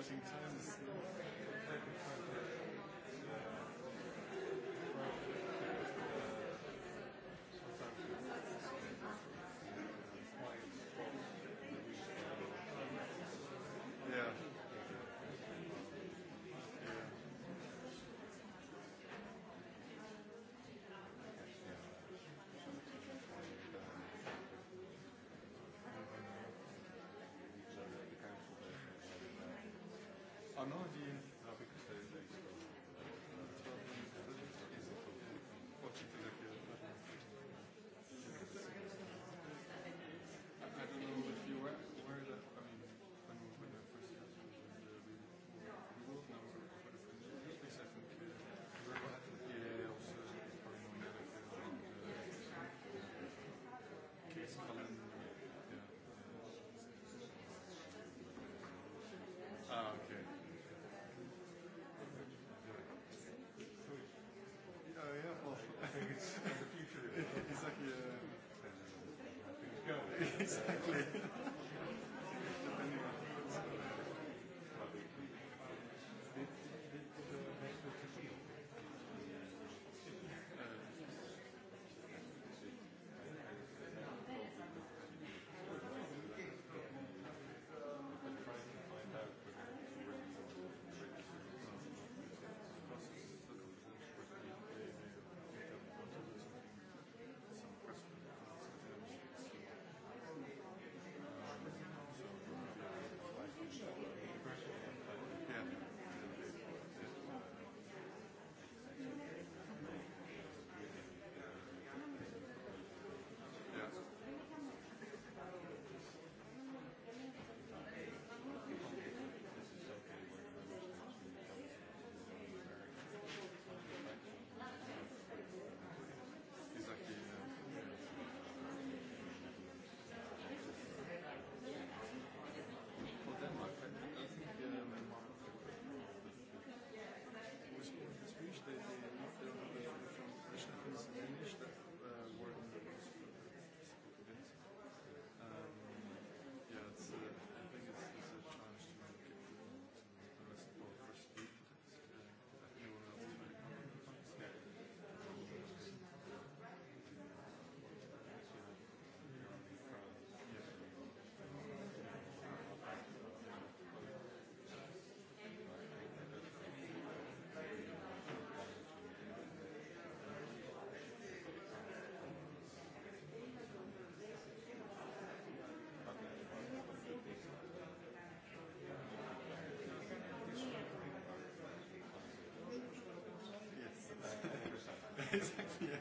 Exciting times. Ano, Exactly. exactly. *laughs* exactly. Yeah.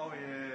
oh yeah.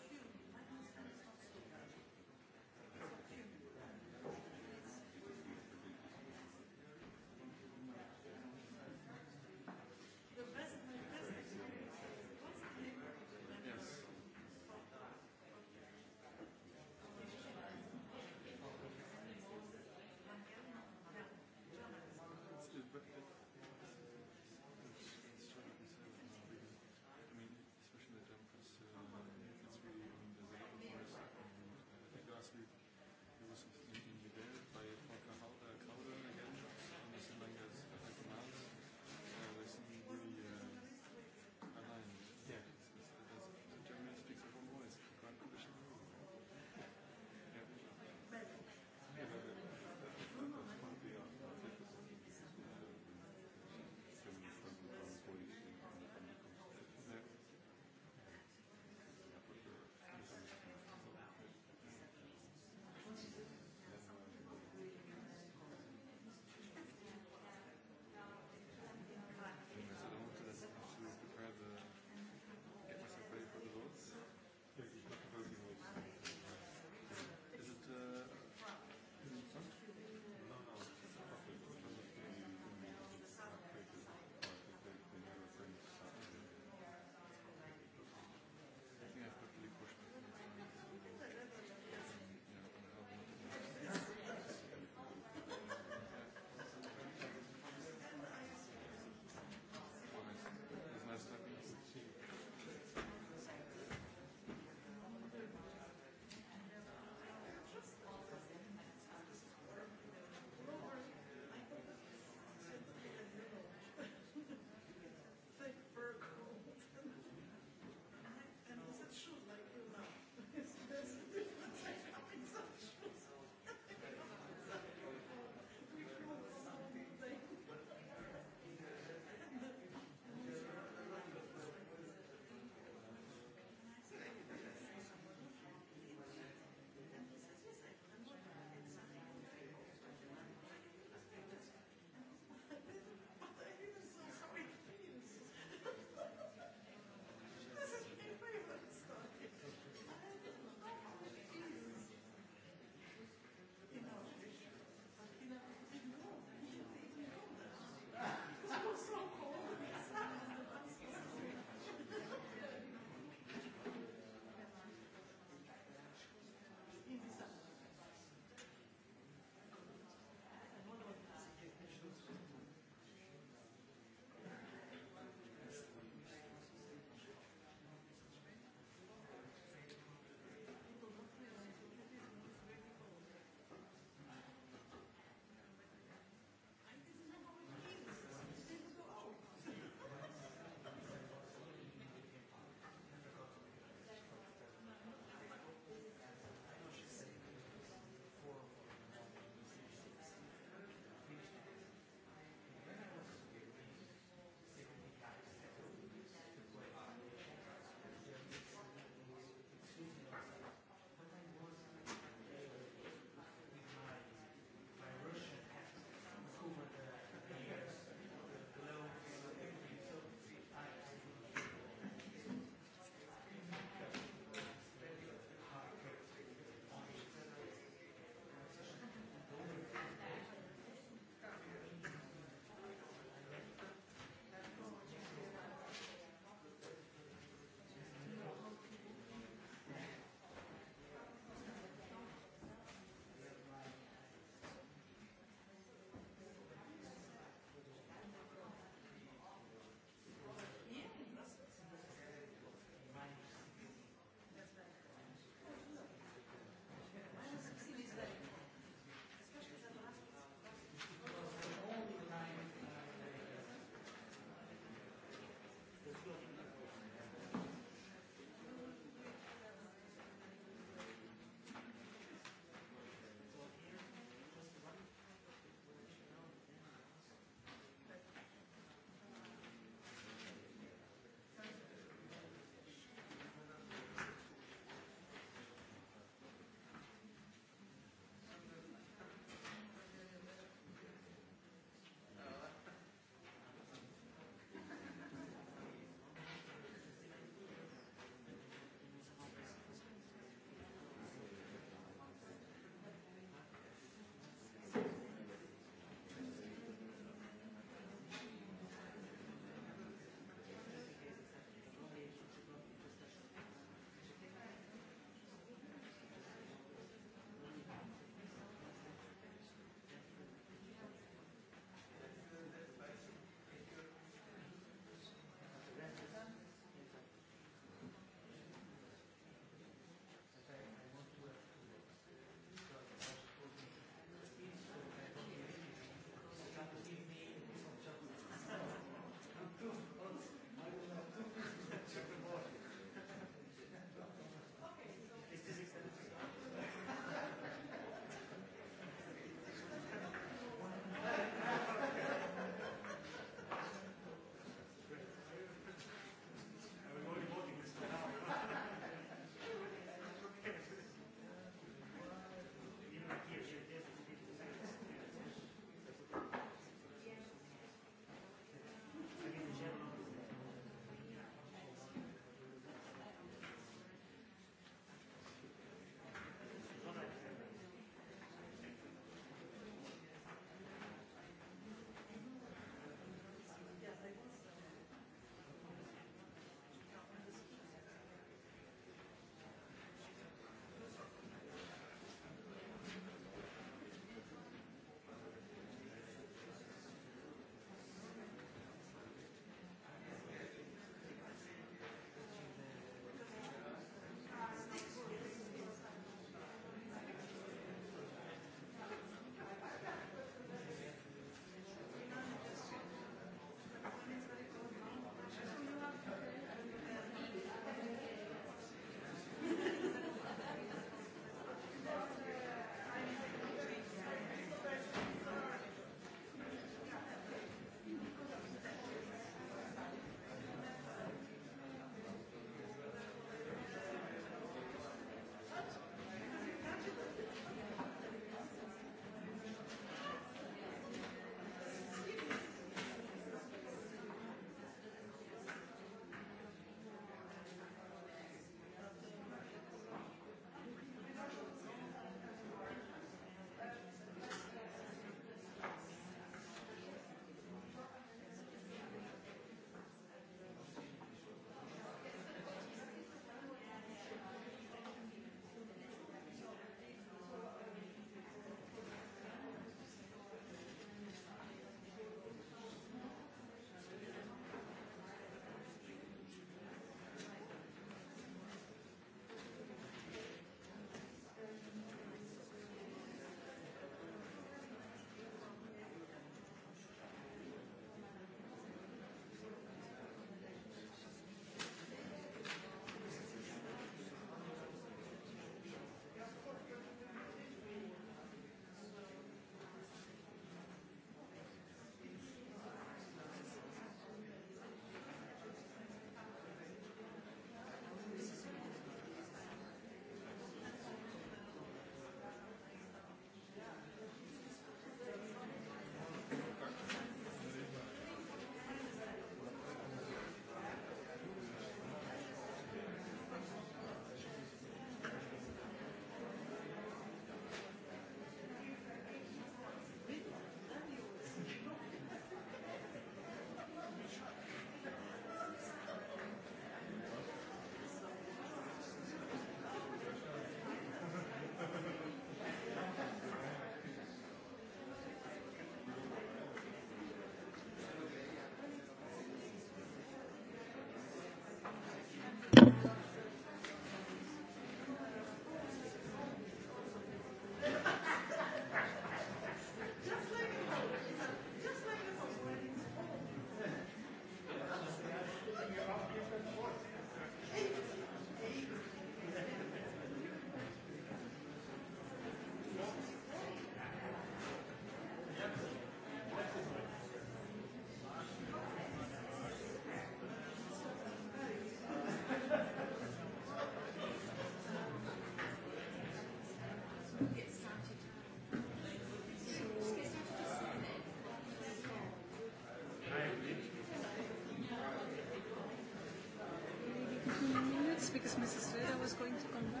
because Mrs. Reda was going to come back.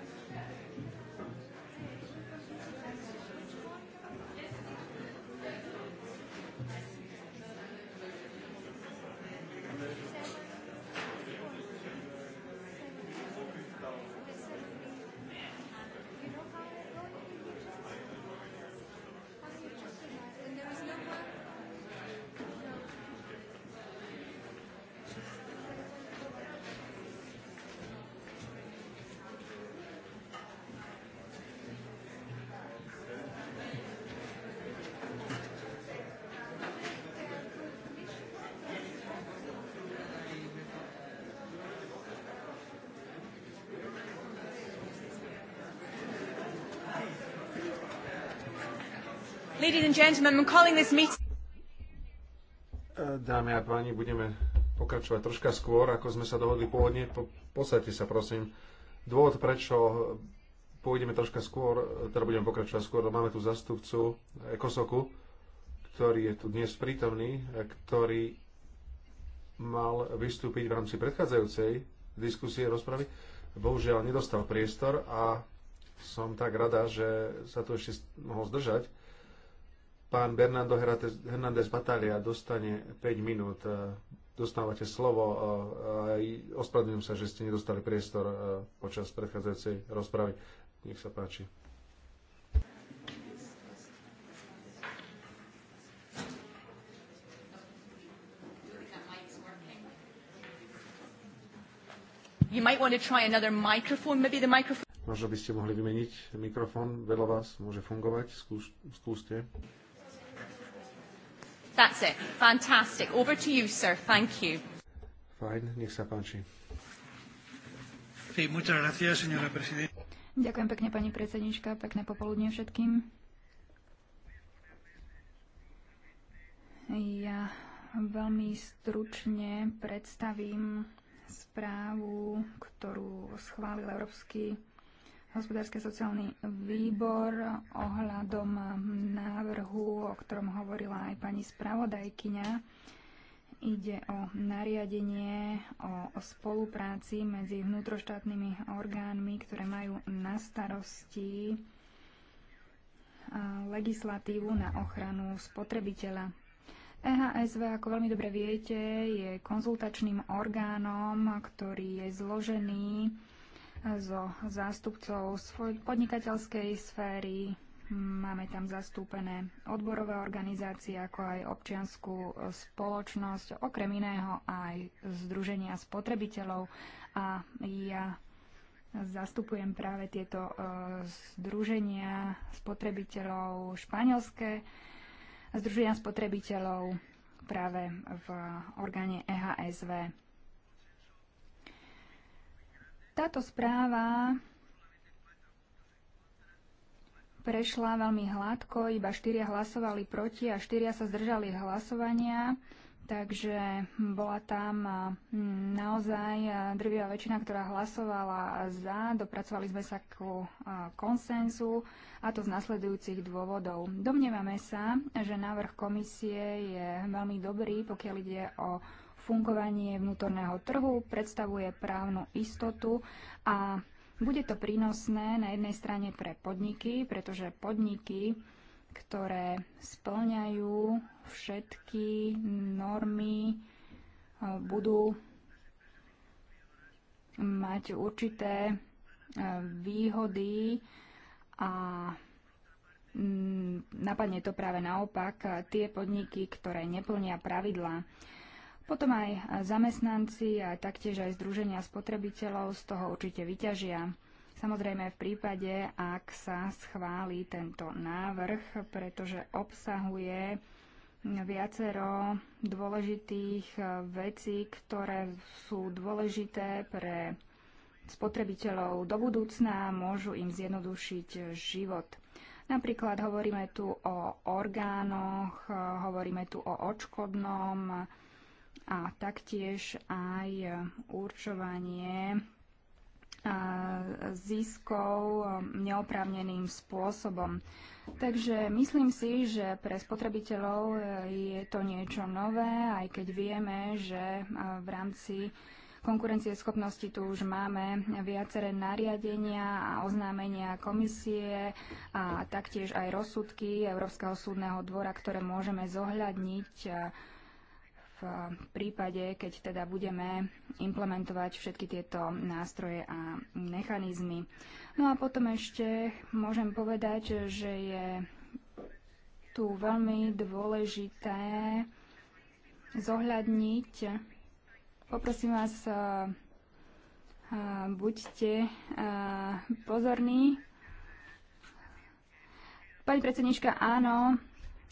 Ladies and gentlemen, e, Dámy a páni, budeme pokračovať troška skôr, ako sme sa dohodli pôvodne. Po, posaďte sa, prosím. Dôvod, prečo pôjdeme troška skôr, teda budeme pokračovať skôr, máme tu zastupcu Ekosoku, ktorý je tu dnes prítomný, e, ktorý mal vystúpiť v rámci predchádzajúcej diskusie, rozpravy. Bohužiaľ nedostal priestor a som tak rada, že sa tu ešte mohol zdržať Pán Bernardo Hernández Batalia dostane 5 minút. E, dostávate slovo. E, ospravedlňujem sa, že ste nedostali priestor e, počas predchádzajúcej rozpravy. Nech sa páči. You might want to try another microphone. Maybe the microphone... Možno by ste mohli vymeniť mikrofón, veľa vás môže fungovať, Skúš, skúste. That's it. Fantastic. Over to you, sir. Thank you. Fajn, nech sa páči. Sí, muchas gracias, señora presidenta. Ďakujem pekne, pani predsednička. Pekné popoludne všetkým. Ja veľmi stručne predstavím správu, ktorú schválil Európsky hospodársky a sociálny výbor ohľadom návrhu, o ktorom hovorila aj pani spravodajkyňa. Ide o nariadenie o, o spolupráci medzi vnútroštátnymi orgánmi, ktoré majú na starosti legislatívu na ochranu spotrebiteľa. EHSV, ako veľmi dobre viete, je konzultačným orgánom, ktorý je zložený so zástupcov svoj podnikateľskej sféry, Máme tam zastúpené odborové organizácie, ako aj občianskú e, spoločnosť, okrem iného aj Združenia spotrebiteľov. A ja zastupujem práve tieto e, Združenia spotrebiteľov španielské, Združenia spotrebiteľov práve v orgáne EHSV. Táto správa prešla veľmi hladko, iba štyria hlasovali proti a štyria sa zdržali hlasovania, takže bola tam naozaj drvivá väčšina, ktorá hlasovala za. Dopracovali sme sa ku konsenzu a to z nasledujúcich dôvodov. Domnievame sa, že návrh komisie je veľmi dobrý, pokiaľ ide o fungovanie vnútorného trhu, predstavuje právnu istotu a bude to prínosné na jednej strane pre podniky, pretože podniky, ktoré splňajú všetky normy, e, budú mať určité e, výhody a mm, napadne to práve naopak e, tie podniky, ktoré neplnia pravidlá. Potom aj zamestnanci a taktiež aj združenia spotrebiteľov z toho určite vyťažia. Samozrejme v prípade, ak sa schváli tento návrh, pretože obsahuje viacero dôležitých eh, vecí, ktoré sú dôležité pre spotrebiteľov do budúcna a môžu im zjednodušiť život. Napríklad hovoríme tu o orgánoch, eh, hovoríme tu o odškodnom, a taktiež aj e, určovanie e, ziskov e, neoprávneným spôsobom. Takže myslím si, že pre spotrebiteľov je to niečo nové, aj keď vieme, že v rámci konkurencie schopnosti tu už máme viaceré nariadenia a oznámenia komisie a taktiež aj rozsudky Európskeho súdneho dvora, ktoré môžeme zohľadniť prípade, keď teda budeme implementovať všetky tieto nástroje a mechanizmy. No a potom ešte môžem povedať, že je tu veľmi dôležité zohľadniť. Poprosím vás, eh, eh, buďte eh, pozorní. Pani predsednička, áno,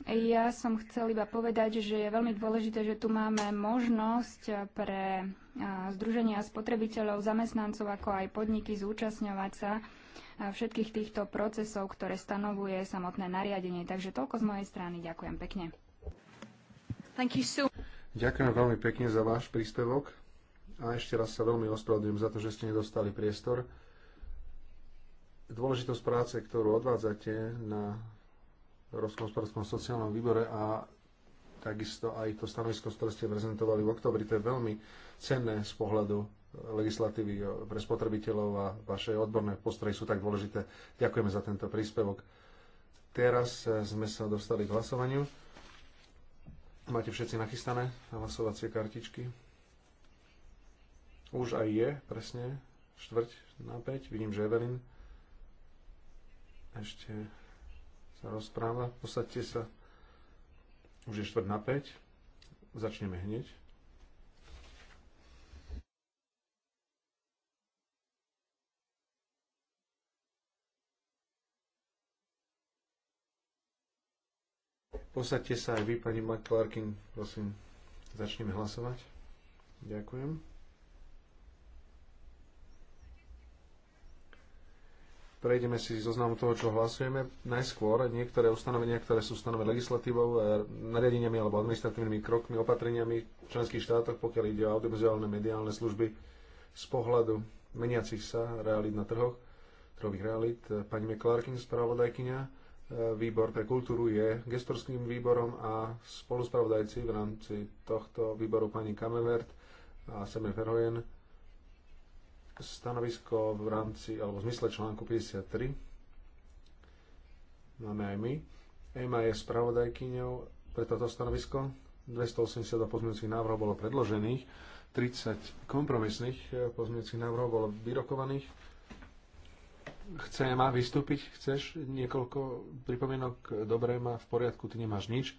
ja som chcel iba povedať, že je veľmi dôležité, že tu máme možnosť pre združenia spotrebiteľov, zamestnancov, ako aj podniky zúčastňovať sa všetkých týchto procesov, ktoré stanovuje samotné nariadenie. Takže toľko z mojej strany. Ďakujem pekne. So Ďakujem veľmi pekne za váš príspevok a ešte raz sa veľmi ospravedlňujem za to, že ste nedostali priestor. Dôležitosť práce, ktorú odvádzate na Európskom sociálnom výbore a takisto aj to stanovisko, ktoré ste prezentovali v oktobri, to je veľmi cenné z pohľadu legislatívy pre spotrebiteľov a vaše odborné postrehy sú tak dôležité. Ďakujeme za tento príspevok. Teraz sme sa dostali k hlasovaniu. Máte všetci nachystané hlasovacie kartičky? Už aj je, presne. Štvrť na 5. Vidím, že Evelyn ešte sa rozpráva. Posaďte sa už je štvrt na 5. Začneme hneď. Posaďte sa aj vy, pani McClarkin, prosím, začneme hlasovať. Ďakujem. Prejdeme si zoznamu toho, čo hlasujeme. Najskôr niektoré ustanovenia, ktoré sú stanovené legislatívou, e, nariadeniami alebo administratívnymi krokmi, opatreniami v členských štátoch, pokiaľ ide o audiovizuálne mediálne služby z pohľadu meniacich sa realít na trhoch, trhových realít. E, pani McClarkin, spravodajkyňa, e, výbor pre kultúru je gestorským výborom a spoluspravodajci v rámci tohto výboru pani Kamevert a Semer Verhojen stanovisko v rámci, alebo v zmysle článku 53. Máme aj my. EMA je spravodajkyňou pre toto stanovisko. 282 pozmeňujúcich návrhov bolo predložených, 30 kompromisných eh, pozmeňujúcich návrhov bolo vyrokovaných. Chce EMA vystúpiť? Chceš niekoľko pripomienok? Dobre, EMA, v poriadku, ty nemáš nič.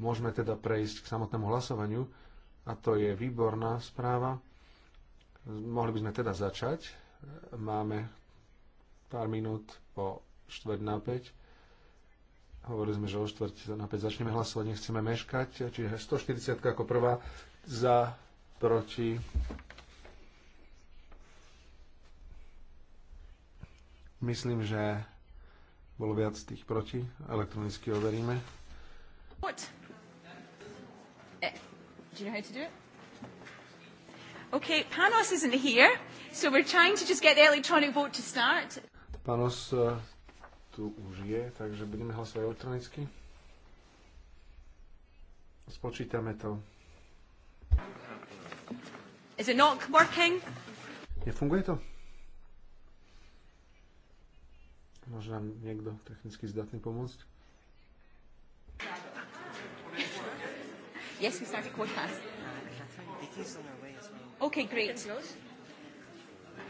Môžeme teda prejsť k samotnému hlasovaniu a to je výborná správa Mohli by sme teda začať. Máme pár minút po štvrť na 5. Hovorili sme, že o štvrť na 5 začneme hlasovať, nechceme meškať. Čiže 140 ako prvá za, proti. Myslím, že bolo viac tých proti. Elektronicky overíme. What? Eh, do you know how to do it? Okay, Panos isn't here, so we're trying to just get the electronic vote to start. Panos uh, tu už je, takže budeme hlasovať elektronicky. Spočítame to. Is it not working? Nefunguje to? Môže nám niekto technicky zdatný pomôcť? Yes, we started quite fast. It ah, Okay, great.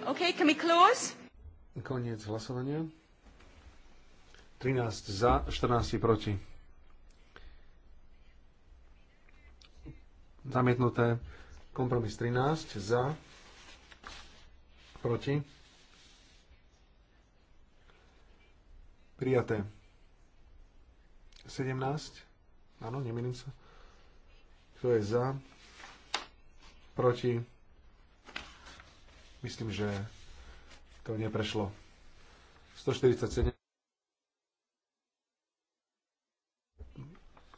Okay, can we close? Koniec hlasovania. 13 za, 14 proti. Zamietnuté. Kompromis 13 za, proti. Prijaté. 17. Áno, nemýlim sa. Kto je za? Proti Myslím, že to neprešlo. 147.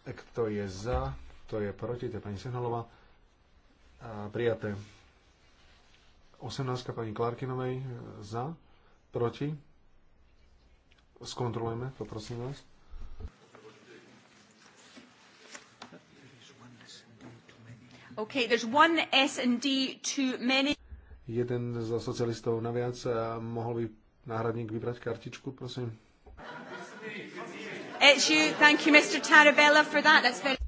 Kto je za, to je proti, to je pani Senhalová. A prijaté. 18. pani Klarkinovej e, za, proti. Skontrolujeme, poprosím vás. Okay, there's one S and D too many jeden z socialistov naviac a mohol by náhradník vybrať kartičku, prosím. Thank you, Mr. Tarabella, for that. That's very...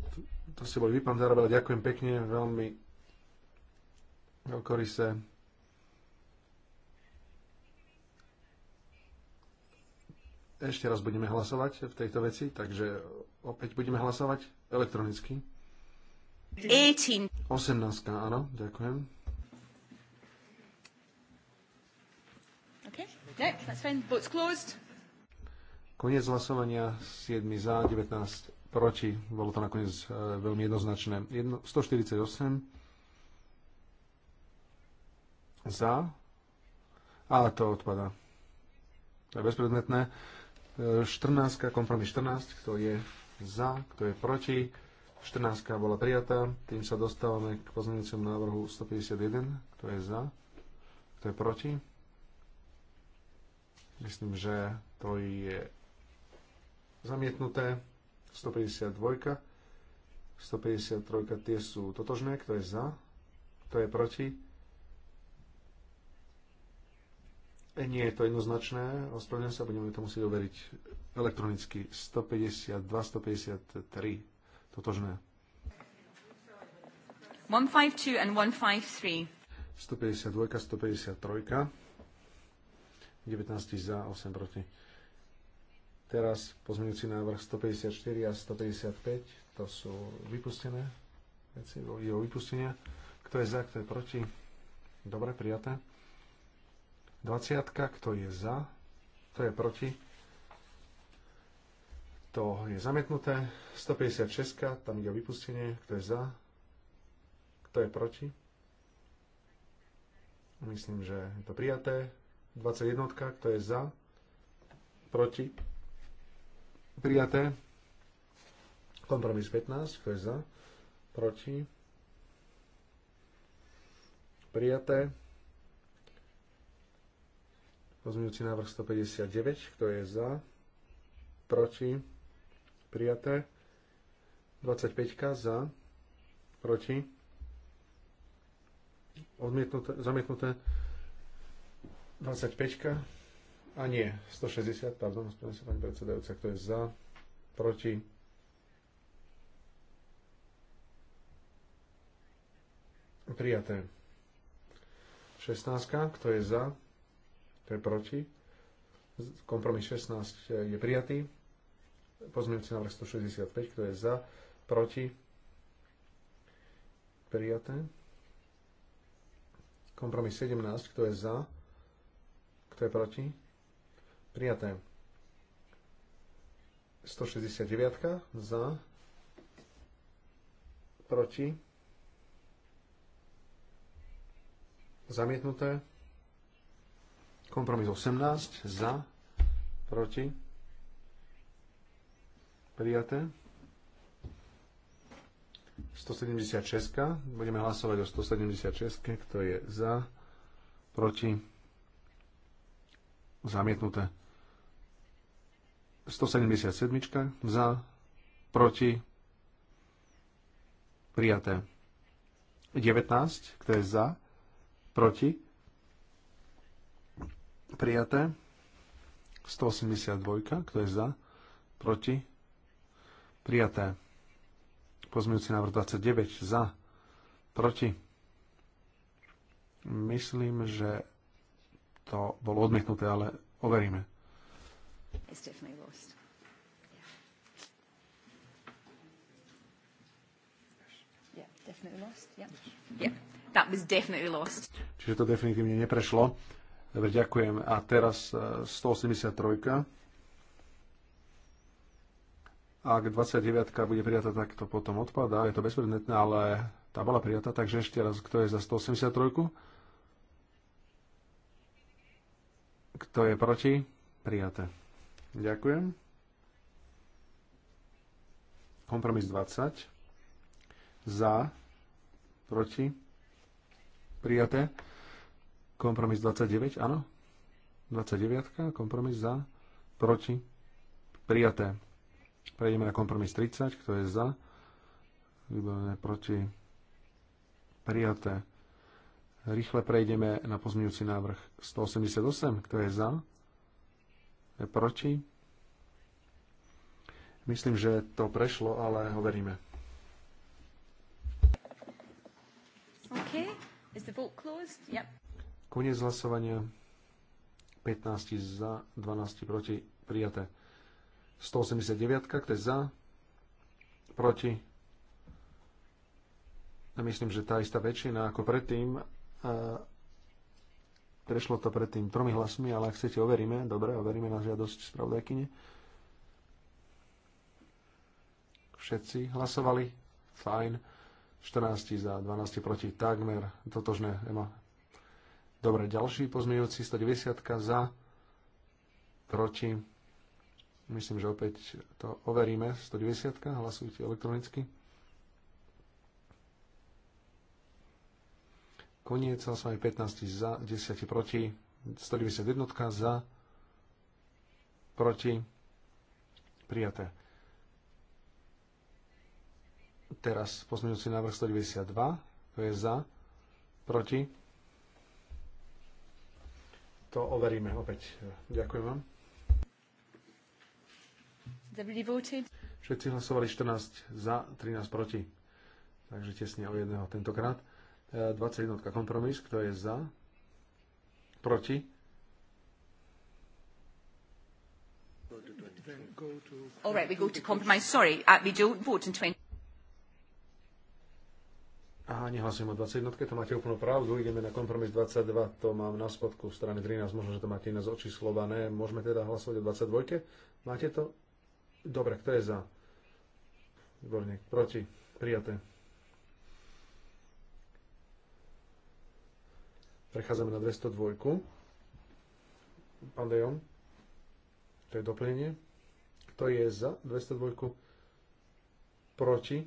To ste boli vy, pán Tarabella, ďakujem pekne, veľmi veľkorysé. Ešte raz budeme hlasovať v tejto veci, takže opäť budeme hlasovať elektronicky. 18. 18, áno, ďakujem. No, that's fine. Vote's closed. Koniec hlasovania 7 za, 19 proti. Bolo to nakoniec e, veľmi jednoznačné. Jedno, 148 za. A to odpada. To je bezpredmetné. 14, e, kompromis 14, kto je za, kto je proti. 14 bola prijatá, tým sa dostávame k pozmeňujúcemu návrhu 151, kto je za, kto je proti. Myslím, že to je zamietnuté. 152, 153, tie sú totožné. Kto je za? Kto je proti? E, nie je to jednoznačné. Ospravedlňujem sa, budeme to musieť overiť elektronicky. 152, 153, totožné. 152 and 153. 152, 153. 19 za, 8 proti. Teraz pozmeňujúci návrh 154 a 155, to sú vypustené veci, ide vypustenia. Kto je za, kto je proti? Dobre, prijaté. 20, kto je za, kto je proti? To je zametnuté. 156, tam ide o vypustenie. Kto je za? Kto je proti? Myslím, že je to prijaté. 21, kto je za, proti, prijaté. Kompromis 15, kto je za, proti, prijaté. Pozmeňujúci návrh 159, kto je za, proti, prijaté. 25 za, proti, odmietnuté, zamietnuté. 25. A nie, 160, pardon, sa pani predsedajúca, kto je za, proti. Prijaté. 16. Kto je za, kto je proti. Kompromis 16 je prijatý. Pozmeňujúci návrh 165, kto je za, proti. Prijaté. Kompromis 17, kto je za, kto je proti? Prijaté. 169 za. Proti. Zamietnuté. Kompromis 18 za. Proti. Prijaté. 176. Budeme hlasovať o 176. Kto je za? Proti Zamietnuté. 177 za, proti, prijaté. 19, kto je za, proti, prijaté. 182, kto je za, proti, prijaté. Pozmeňujúci návrh 29, za, proti. Myslím, že to bolo odmietnuté, ale overíme. Čiže to definitívne neprešlo. Dobre, ďakujem. A teraz 183. E, Ak 29 bude prijatá, tak to potom odpadá. Je to bezpredmetné, ale tá bola prijatá. Takže ešte raz, kto je za 183? Kto je proti? Prijaté. Ďakujem. Kompromis 20. Za. Proti. Prijaté. Kompromis 29, áno? 29, kompromis za. Proti. Prijaté. Prejdeme na kompromis 30, kto je za. Vybavené proti. Prijaté Rýchle prejdeme na pozmeňujúci návrh 188. Kto je za? Je proti? Myslím, že to prešlo, ale hovoríme. Okay. Is the vote closed? Yep. Koniec hlasovania. 15 za, 12 proti. Prijaté. 189. Kto je za? Proti? A myslím, že tá istá väčšina ako predtým, prešlo to predtým tromi hlasmi, ale ak chcete, overíme. Dobre, overíme na žiadosť spravodajkyne. Všetci hlasovali. Fajn. 14 za, 12 proti. Takmer totožné, Ema. Dobre, ďalší pozmeňujúci 190 za, proti. Myslím, že opäť to overíme. 190, hlasujte elektronicky. Koniec hlasovania 15 za, 10 proti, 191 za, proti, prijaté. Teraz pozmeňujúci návrh 192, to je za, proti. To overíme opäť. Ďakujem vám. Všetci hlasovali 14 za, 13 proti. Takže tesne o jedného tentokrát. 21. Kompromis. Kto je za? Proti? 20. Uh, Aha, nehlasujem o 21, to máte úplnú pravdu, ideme na kompromis 22, to mám na spodku strany 13, možno, že to máte iné ne. môžeme teda hlasovať o 22, máte to? Dobre, kto je za? Výborne, proti, prijaté. Prechádzame na 202. Pán Dejon, to je doplnenie. Kto je za 202? Proti?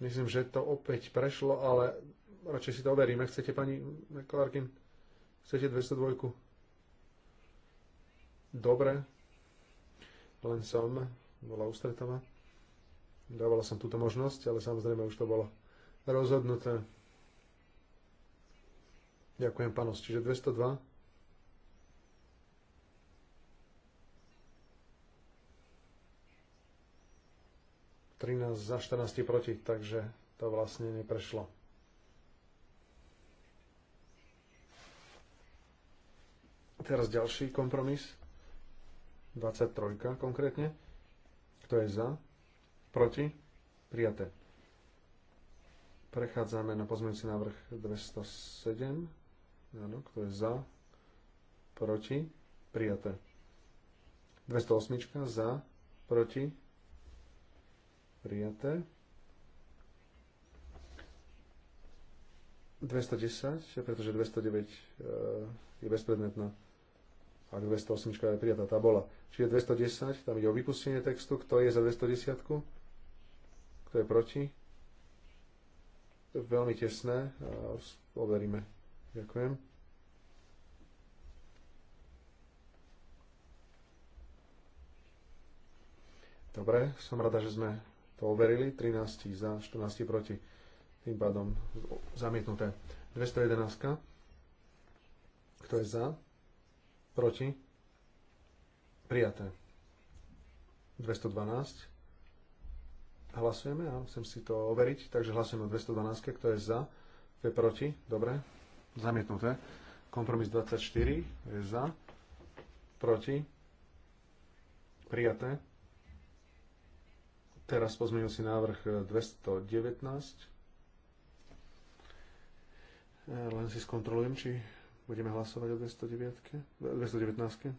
Myslím, že to opäť prešlo, ale radšej si to overíme. Chcete, pani Clarkin? Chcete 202? Dobre. Len som bola ústretová. Dávala som túto možnosť, ale samozrejme už to bolo rozhodnuté. Ďakujem, pános. Čiže 202. Trinásť za 14 proti, takže to vlastne neprešlo. Teraz ďalší kompromis. 23 konkrétne. Kto je za? Proti? Prijaté. Prechádzame na pozmeňujúci návrh 207. Áno, kto je za? Proti? Prijaté. 208 za? Proti? Prijaté. 210, pretože 209 eh, je bezpredmetná. A 208 je prijatá, tá bola. Čiže 210, tam ide o vypustenie textu. Kto je za 210? Kto je proti? Veľmi tesné. Eh, overíme. Ďakujem. Dobre, som rada, že sme to overili. 13 za, 14 proti. Tým pádom zamietnuté. 211. Kto je za? Proti? Prijaté. 212. Hlasujeme, ja musím si to overiť. Takže hlasujeme o 212. Kto je za? Kto je proti? Dobre. Zamietnuté. Kompromis 24 je za. Proti. Prijaté. Teraz pozmenil si návrh 219. Eh, len si skontrolujem, či budeme hlasovať o 209. 219.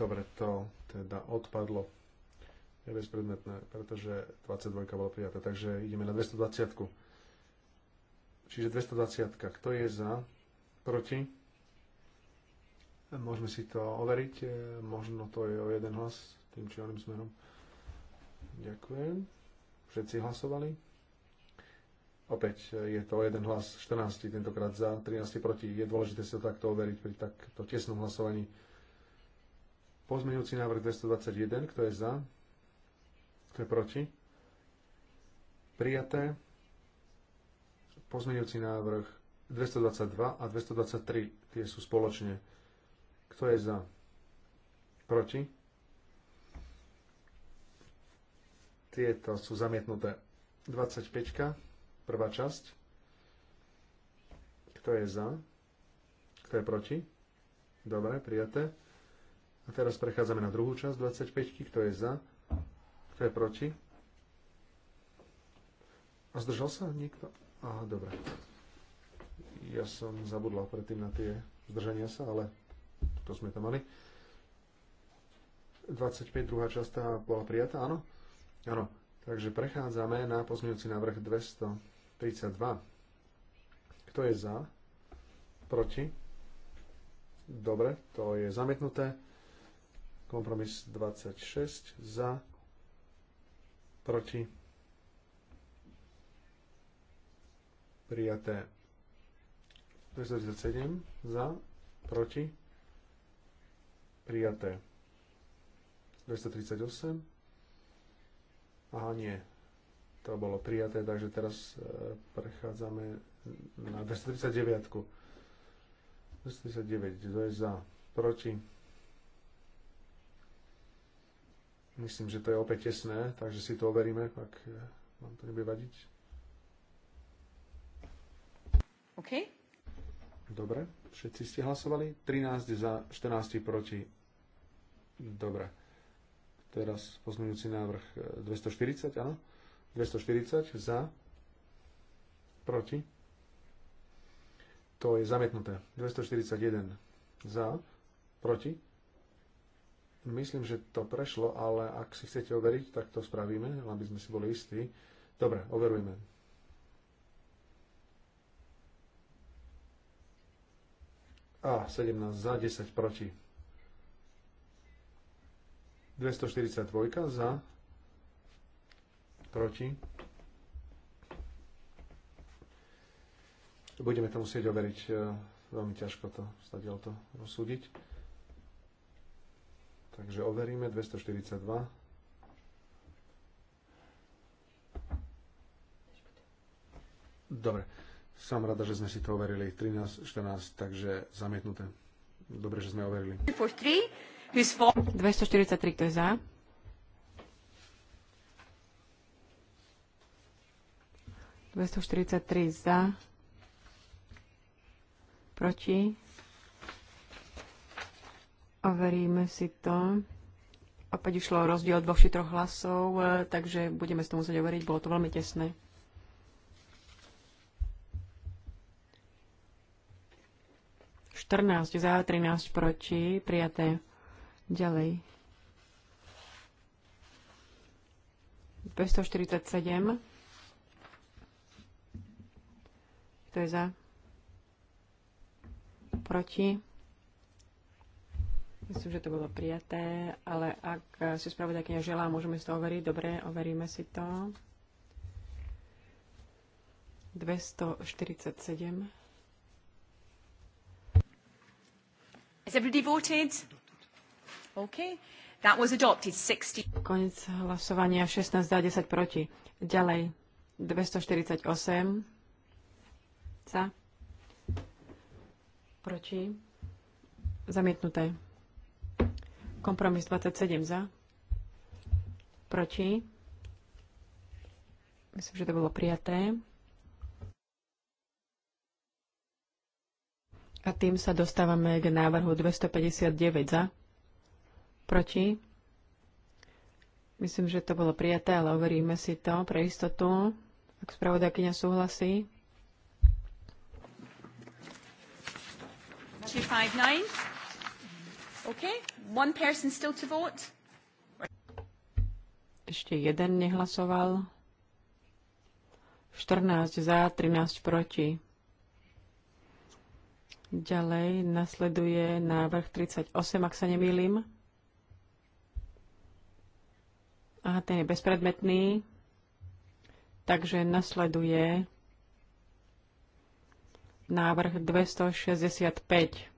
Dobre, to teda odpadlo. Je bezpredmetné, pretože 22 bola prijatá, takže ideme na 220. Čiže 220. Kto je za? Proti? Môžeme si to overiť. E, možno to je o jeden hlas tým či oným smerom. Ďakujem. Všetci hlasovali. Opäť e, je to o jeden hlas, 14 tentokrát za, 13 proti. Je dôležité si to takto overiť pri takto tesnom hlasovaní. Pozmeňujúci návrh 221, kto je za? Kto je proti? Prijaté. Pozmeňujúci návrh 222 a 223, tie sú spoločne. Kto je za? Proti? Tieto sú zamietnuté. 25, prvá časť. Kto je za? Kto je proti? Dobre, prijaté. A teraz prechádzame na druhú časť 25. Kto je za? Kto je proti? A zdržal sa niekto? Aha, dobre. Ja som zabudla predtým na tie zdržania sa, ale to sme tam mali. 25. druhá časť tá bola prijatá, áno? Áno. Takže prechádzame na pozmeňujúci návrh 232. Kto je za? Proti? Dobre, to je zamietnuté. Kompromis 26 za, proti, prijaté 247 za, proti, prijaté 238. Aha, nie, to bolo prijaté, takže teraz e, prechádzame na 239. 239, kto je za, proti, Myslím, že to je opäť tesné, takže si to overíme, ak eh, vám to nebude vadiť. OK. Dobre, všetci ste hlasovali. 13 za, 14 proti. Dobre. Teraz pozmeňujúci návrh 240, eh, áno? 240 za, proti. To je zamietnuté. 241 za, proti Myslím, že to prešlo, ale ak si chcete overiť, tak to spravíme, aby sme si boli istí. Dobre, overujme. A 17 za, 10 proti. 242 za, proti. Budeme to musieť overiť, e, veľmi ťažko to, stadiel to rozsúdiť. Takže overíme 242. Dobre, som rada, že sme si to overili. 13, 14, takže zamietnuté. Dobre, že sme overili. 243, kto je za? Dvestoštyridsaťtri za, proti, Overíme si to. Opäť išlo o rozdiel dvoch či troch hlasov, e, takže budeme si to musieť overiť. Bolo to veľmi tesné. Štrnásť za, 13 proti, prijaté. Ďalej. 247. Kto je za? Proti? Myslím, že to bolo prijaté, ale ak si spravodajkyňa želá, môžeme si to overiť. Dobre, overíme si to. 247. everybody voted? Okay. That was adopted 60. Konec hlasovania 16 za 10 proti. Ďalej 248 za proti zamietnuté. Kompromis 27 za. Proti. Myslím, že to bolo prijaté. A tým sa dostávame k návrhu 259 za. Proti. Myslím, že to bolo prijaté, ale overíme si to pre istotu, ak spravodajkyňa súhlasí. 259. Okay. One person still to vote. Ešte jeden nehlasoval. 14 za, 13 proti. Ďalej nasleduje návrh 38, ak sa nemýlim. A ten je bezpredmetný. Takže nasleduje návrh 265.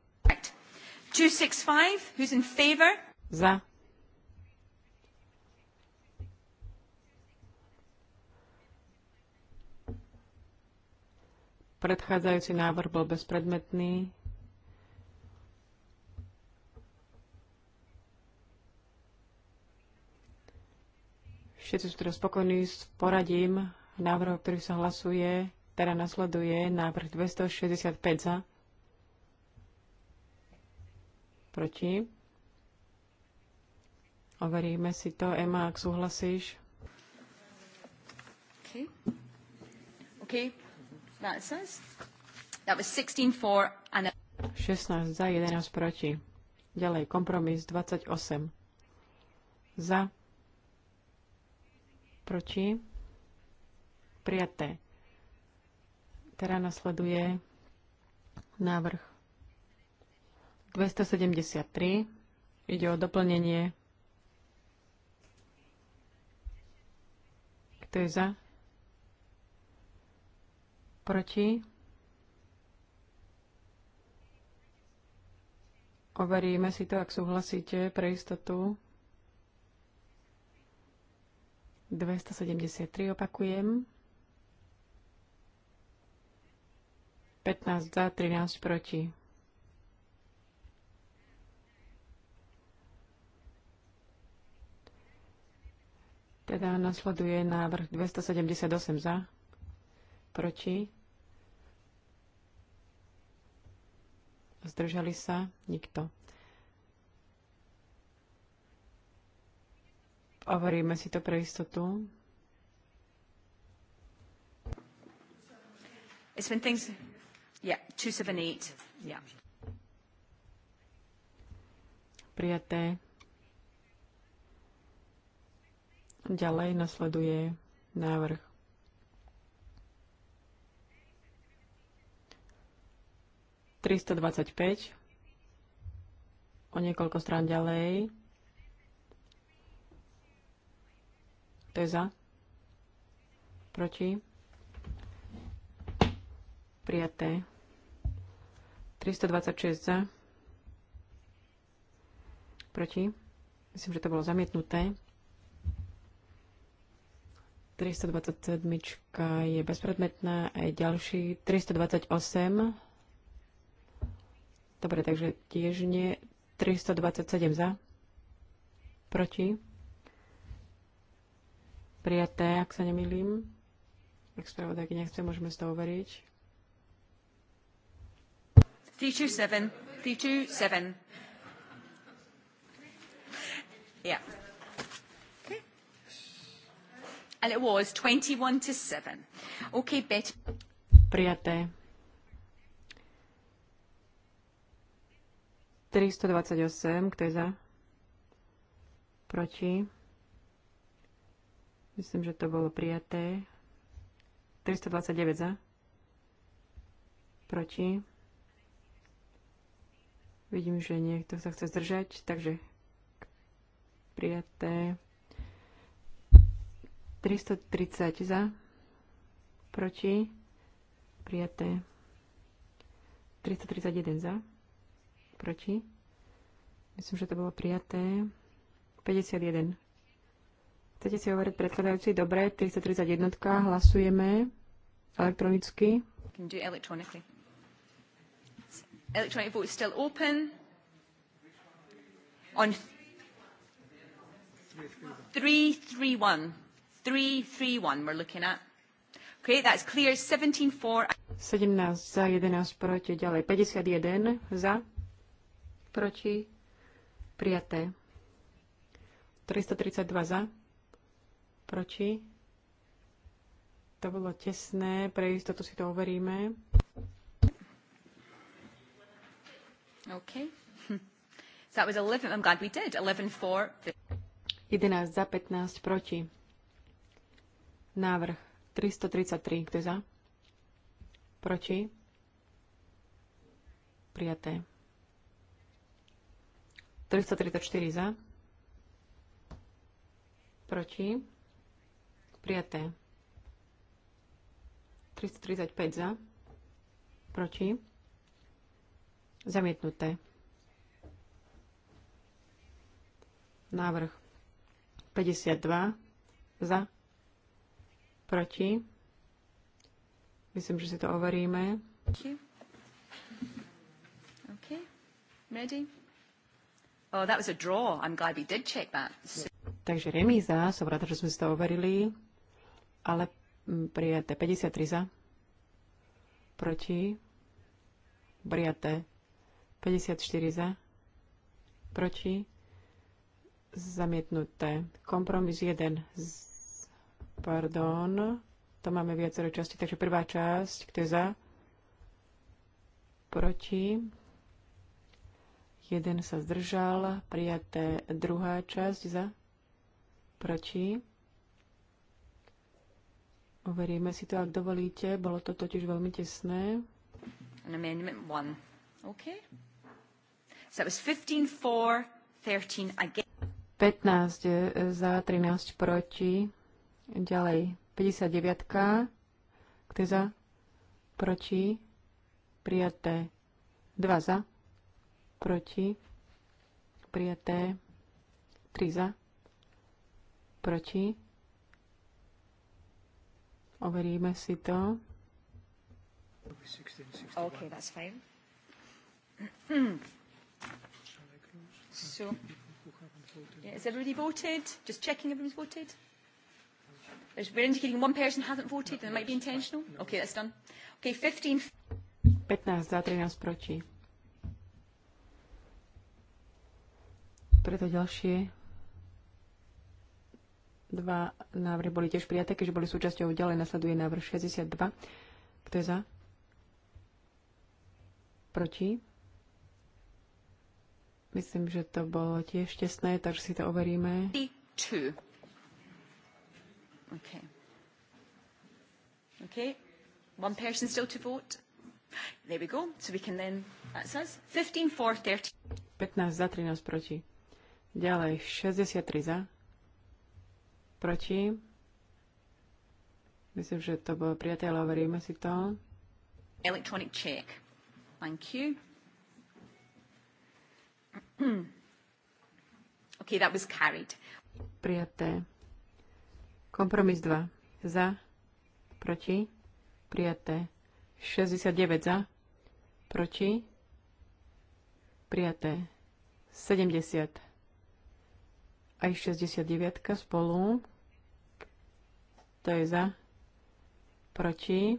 265, who's in favour? Za. Predchádzajúci návrh bol bezpredmetný. Všetci sú teraz spokojní s poradím návrhu, ktorý sa hlasuje. Teda nasleduje návrh 265 za. Proti? Overíme si to. Ema, ak súhlasíš. Okay. Okay. That says. That was 16 for and 16 za, 11 proti. Ďalej, kompromis 28. Za. Proti. Prijaté. Teraz nasleduje návrh 273. Ide o doplnenie. Kto je za? Proti? Overíme si to, ak súhlasíte, pre istotu. 273 opakujem. 15 za, 13 proti. Teda nasleduje návrh 278 za, proti, zdržali sa, nikto. Overíme si to pre istotu. It's when things... Yeah, 278. Yeah. Prijaté. Ďalej nasleduje návrh. Tristo O niekoľko strán ďalej. To je za. Proti. Prijaté. 326 za. Proti. Myslím, že to bolo zamietnuté. 327 je bezpredmetná, aj ďalší 328. Dobre, takže tiež nie. 327 za. Proti. Prijaté, ak sa nemýlim. Ak spravodajky nechce, môžeme z toho overiť. 327. 327. Yeah. And it was 21 to 7. Okay, Prijaté. 328, kto je za? Proti? Myslím, že to bolo prijaté. 329 za? Proti? Vidím, že niekto sa chce zdržať, takže prijaté. 330 za, proti, prijaté. 331 za, proti. Myslím, že to bolo prijaté. 51. Chcete si hovoriť predkladajúci? Dobre, 331. Hlasujeme elektronicky. Can do electronically. Electronic vote is still open. On 331. 331 we're looking at. Okay, that's clear. 17 for. 17 za, 11 proti, ďalej 51 za, proti, prijaté. 332 za, proti. To bolo tesné, pre istotu si to overíme. Okay. *laughs* So that was 11, I'm glad we did, 11 4 11 za, 15 proti. Návrh 333. Kto je za? Proti? Prijaté. 334 za. Proti? Prijaté. 335 za. Proti? Zamietnuté. Návrh 52 za Proti? Myslím, že si to overíme. Okay. Ready? Oh, that was a draw. I'm glad we did check that. So... Takže remíza, som rada, že sme si to overili, ale mm, prijaté 53 za, proti, prijaté 54 za, proti, zamietnuté. Kompromis 1 z Pardon. To máme viacero časti. Takže prvá časť, kto je za? Proti. Jeden sa zdržal. Prijaté druhá časť za? Proti. Uveríme si to, ak dovolíte. Bolo to totiž veľmi tesné. An amendment one. Okay. So it was 15 4, 13 again. 15 za, 13 proti. Ďalej, 59. Kto za? Proti? Prijaté. 2 za. Proti? Prijaté. 3 za. Proti? Overíme si to. Okay, that's fine. so, yeah, is everybody voted? Just checking everyone's voted? There's, we're indicating one person hasn't voted, then it might be intentional. Okay, that's done. Okay, 15. 15 za, 13 proti. Preto ďalšie dva návrhy boli tiež prijaté, keďže boli súčasťou. Ďalej nasleduje návrh 62. Kto je za? Proti? Myslím, že to bolo tiež tesné, takže si to overíme. 2. Okay. Okay. One person still to vote. There we go. So we can then, that's us. 15 for 30. 15 za, 13 proti. Ďalej, 63 za. Proti. Myslím, že to bolo prijaté, ale overíme si to. Electronic check. Thank you. *clears throat* okay, that was carried. Prijaté. Kompromis 2. Za. Proti. Prijaté. 69 za. Proti. Prijaté. 70. Aj 69 spolu. To je za. Proti.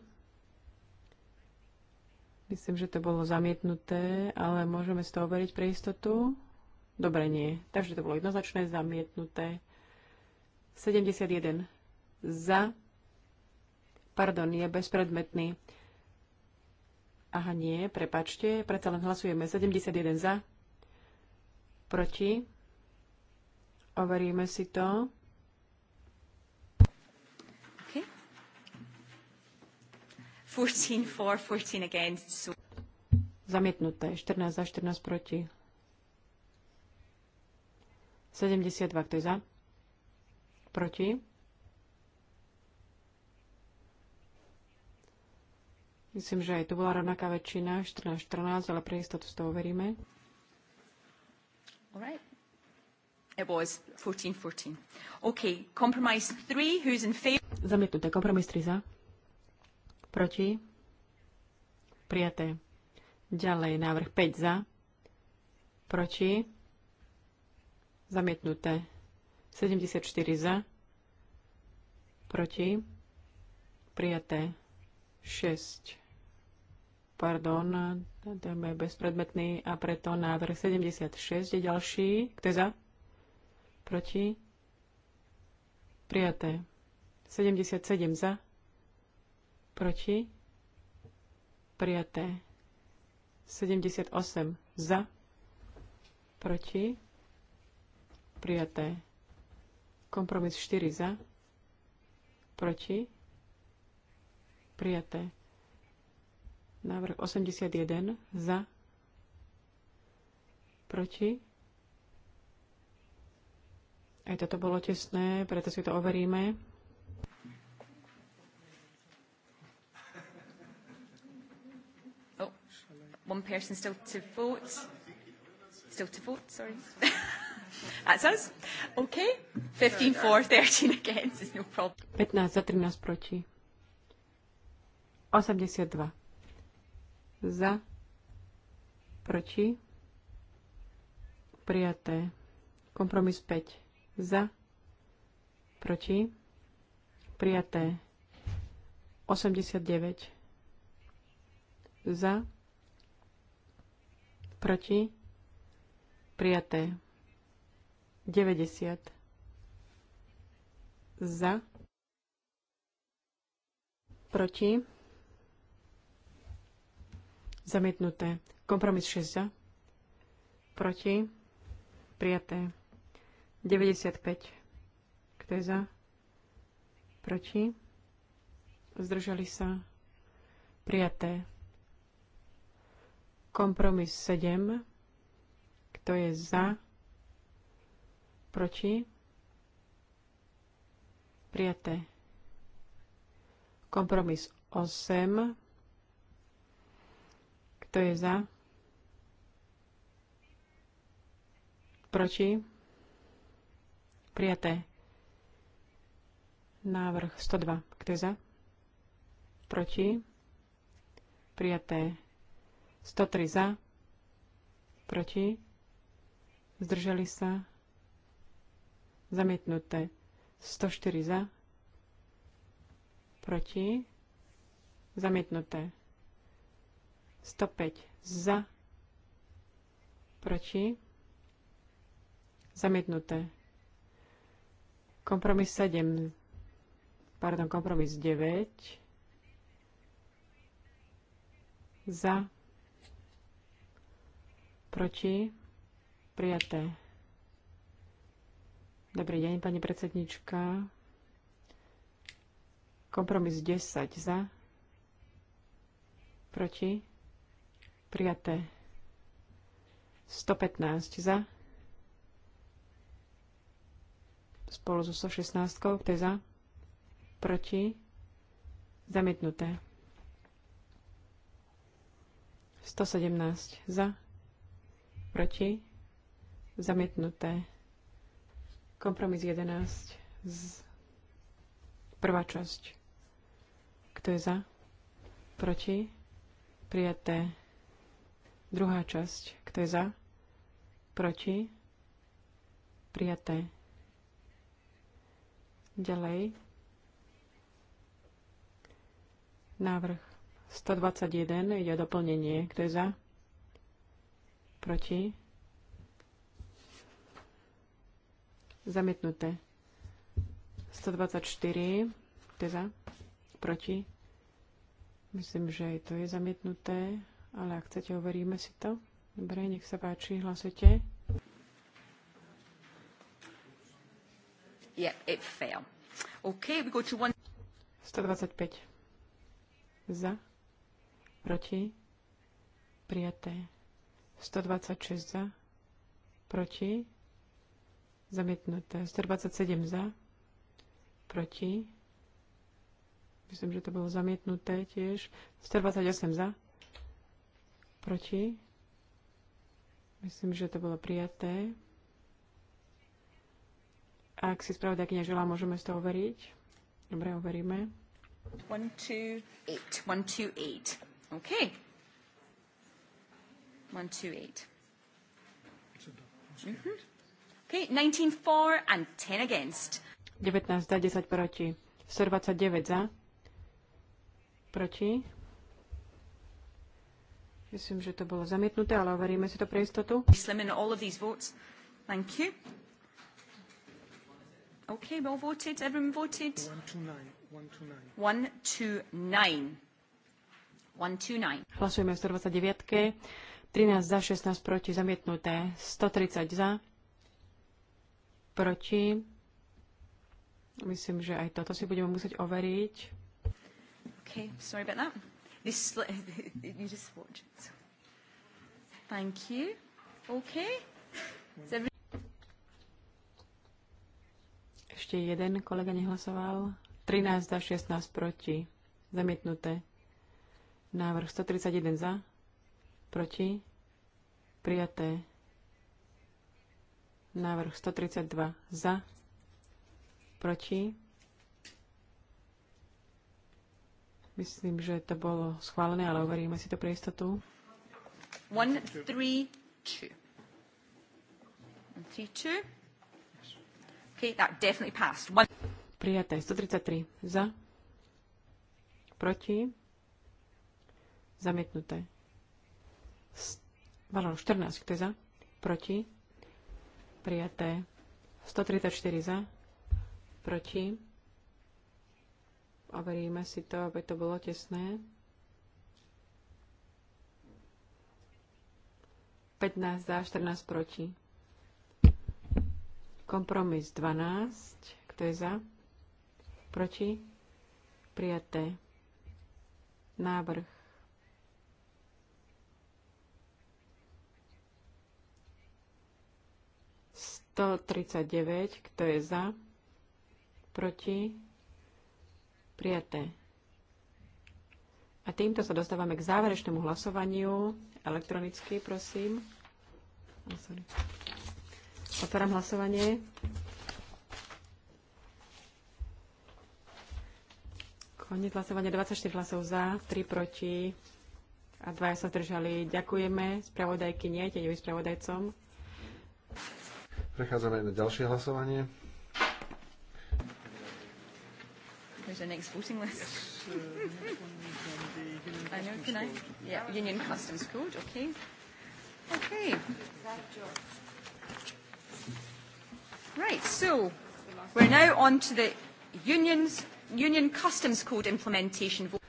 Myslím, že to bolo zamietnuté, ale môžeme z toho overiť pre istotu. Dobre, nie. Takže to bolo jednoznačné zamietnuté. 71 za. Pardon, je bezpredmetný. Aha, nie, prepačte. Predsa len hlasujeme 71 za. Proti. Overíme si to. Okay. 14 for, 14 against. So... Zamietnuté. 14 za, 14 proti. 72, kto je za? Proti? Myslím, že aj tu bola rovnaká väčšina, 14-14, ale pre istotu z toho veríme. All right. It was 14-14. OK, compromise 3, who's in favor? Zamietnuté, kompromis 3 za. Proti? Prijaté. Ďalej, návrh 5 za. Proti? Zamietnuté. 74 za, proti, prijaté 6. Pardon, ten je bezpredmetný a preto návrh 76 je ďalší. Kto je za? Proti? Prijaté. 77 za. Proti? Prijaté. 78 za. Proti? Prijaté. Kompromis 4 za. Proti. Prijaté. Návrh 81 za. Proti. Aj toto bolo tesné, preto si to overíme. Oh, one person still to vote. Still to vote, sorry. *laughs* That's us. Okay. 15 4, 13 against is no problem. 15 za, 13 proti. 82. Za, proti. Prijaté. Kompromis 5. Za, proti. Prijaté. 89. Za, proti. Prijaté. 90 za, proti, zamietnuté. Kompromis 6 za, proti, prijaté. 95. Kto je za? Proti? Zdržali sa? Prijaté. Kompromis 7. Kto je za? Proti? Prijaté. Kompromis 8. Kto je za? Proti? Prijaté. Návrh 102. Kto je za? Proti? Prijaté. 103 za. Proti? Zdržali sa? Zamietnuté. 104 za. Proti. Zamietnuté. 105 za. Proti. Zamietnuté. Kompromis 7. Pardon, kompromis 9. Za. Proti. Prijaté. Dobrý deň, pani predsednička. Kompromis 10 za. Proti. Prijaté. 115 za. Spolu so 116, kto je za? Proti. Zamietnuté. 117 za. Proti. Zamietnuté. Kompromis 11. Z... Prvá časť. Kto je za? Proti? Prijaté. Druhá časť. Kto je za? Proti? Prijaté. Ďalej. Návrh 121 ide o doplnenie. Kto je za? Proti? Zamietnuté. 124. To za. Proti. Myslím, že aj to je zamietnuté, ale ak chcete, overíme si to. Dobre, nech sa páči, hlasujte. Yeah, it failed. Okay, we go to one... 125. Za. Proti. Prijaté. 126 za. Proti. Zamietnuté. 127 za. Proti. Myslím, že to bolo zamietnuté tiež. 128 za. Proti. Myslím, že to bolo prijaté. Ak si spravodajkyňa želá, môžeme z toho overiť. Dobre, overíme. 1, 2, 8. 1, 2, 8. OK. 1, 2, 8. Mm-hmm. Okay, 19 for and 10 against. 19 za, 10 proti. 129 za. Proti. Myslím, že to bolo zamietnuté, ale overíme si to pre istotu. Thank you. Okay, well voted. Everyone voted? 129. Hlasujeme v 129. 13 za, 16 proti, zamietnuté. 130 za proti. Myslím, že aj toto si budeme musieť overiť. Okay, sorry about that. This, *laughs* you just watch it. Thank you. Okay. Ešte jeden kolega nehlasoval. 13 za, 16 proti. Zamietnuté. Návrh 131 za, proti. Prijaté. Návrh 132 za, proti. Myslím, že to bolo schválené, ale overíme si to pre istotu. 1, 3, 2. 3, 2. OK, that definitely passed. One... Prijaté. 133 za, proti, zamietnuté. Pardon, 14, kto je za? Proti? prijaté. 134 za, proti. Overíme si to, aby to bolo tesné. 15 za, 14 proti. Kompromis 12. Kto je za? Proti? Prijaté. Návrh 139, kto je za, proti, prijaté. A týmto sa dostávame k záverečnému hlasovaniu. Elektronicky, prosím. Oh, sorry. Otváram hlasovanie. Koniec hlasovania 24 hlasov za, 3 proti a dvaja sa zdržali. Ďakujeme spravodajky, nie, tieňovým spravodajcom. Prechádzame na ďalšie hlasovanie. There's our next voting list. Yes, uh, I know, can I? Yeah, Union Customs Code, okay. Okay. Right, so we're now on to the Union's, Union Customs Code implementation vote.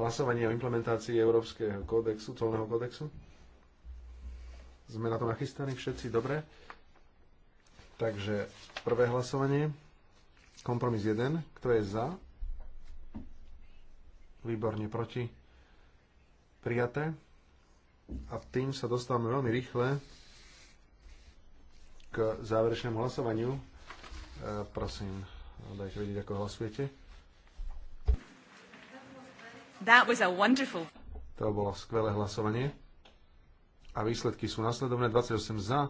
Hlasovanie o implementácii Európskeho kódexu, colného kódexu. Sme na to nachystaní všetci, dobre? Takže prvé hlasovanie. Kompromis 1. Kto je za? Výborne proti. Prijaté. A tým sa dostávame veľmi rýchle k záverečnému hlasovaniu. E, prosím, dajte vedieť, ako hlasujete. That was a wonderful... To bolo skvelé hlasovanie. A výsledky sú nasledovné. 28 za,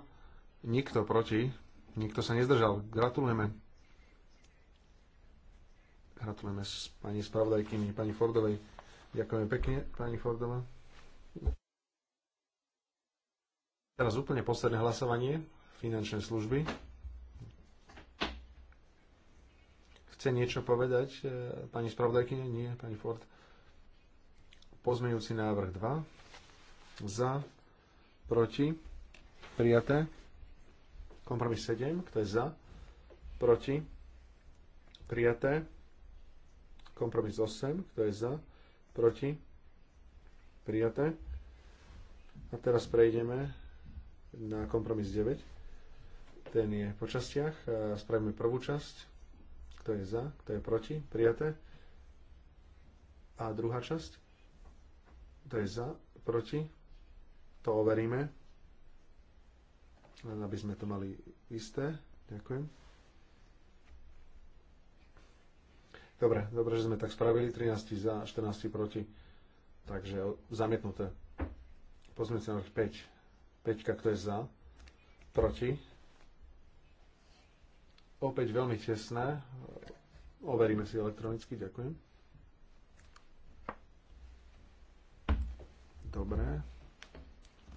nikto proti, Nikto sa nezdržal. Gratulujeme. Gratulujeme s pani spravodajkyni, pani Fordovej. Ďakujeme pekne, pani Fordova. Teraz úplne posledné hlasovanie. Finančné služby. Chce niečo povedať e, pani spravodajkyňa? Nie, pani Ford. Pozmeňujúci návrh 2. Za, proti, prijaté. Kompromis 7, kto je za? Proti? Prijaté. Kompromis 8, kto je za? Proti? Prijaté. A teraz prejdeme na kompromis 9. Ten je po častiach. Spravíme prvú časť. Kto je za? Kto je proti? Prijaté. A druhá časť. Kto je za? Proti? To overíme. Len aby sme to mali isté. Ďakujem. Dobre, dobre, že sme tak spravili. 13 za, 14 proti. Takže zamietnuté. Pozmeňte sa 5. 5, kto je za? Proti. Opäť veľmi tesné. Overíme si elektronicky, ďakujem. Dobre.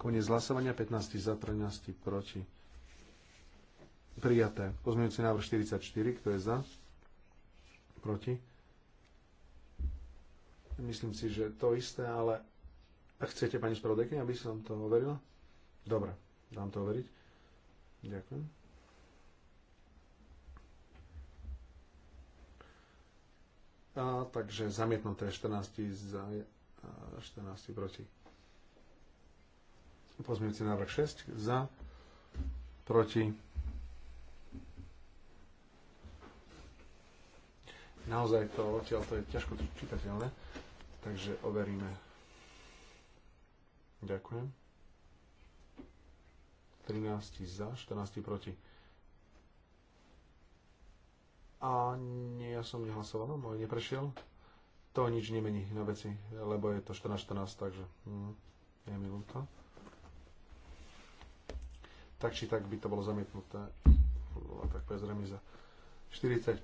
Koniec hlasovania 15 za 13 proti. Prijaté. Pozmeňujúci návrh 44, kto je za? Proti? Myslím si, že to isté, ale chcete pani spravodajkyňa, aby som to overil? Dobre, dám to overiť. Ďakujem. A, takže zamietnuté 14 za 14 proti. Pozmeňujúci návrh 6 za, proti. Naozaj to odtiaľ to je ťažko čitateľné, takže overíme. Ďakujem. 13 za, 14 proti. A nie, ja som nehlasoval, no, môj neprešiel. To nič nemení na veci, lebo je to 14-14, takže hm, je mi ľúto tak či tak by to bolo zamietnuté. Bola tak povedz za 45,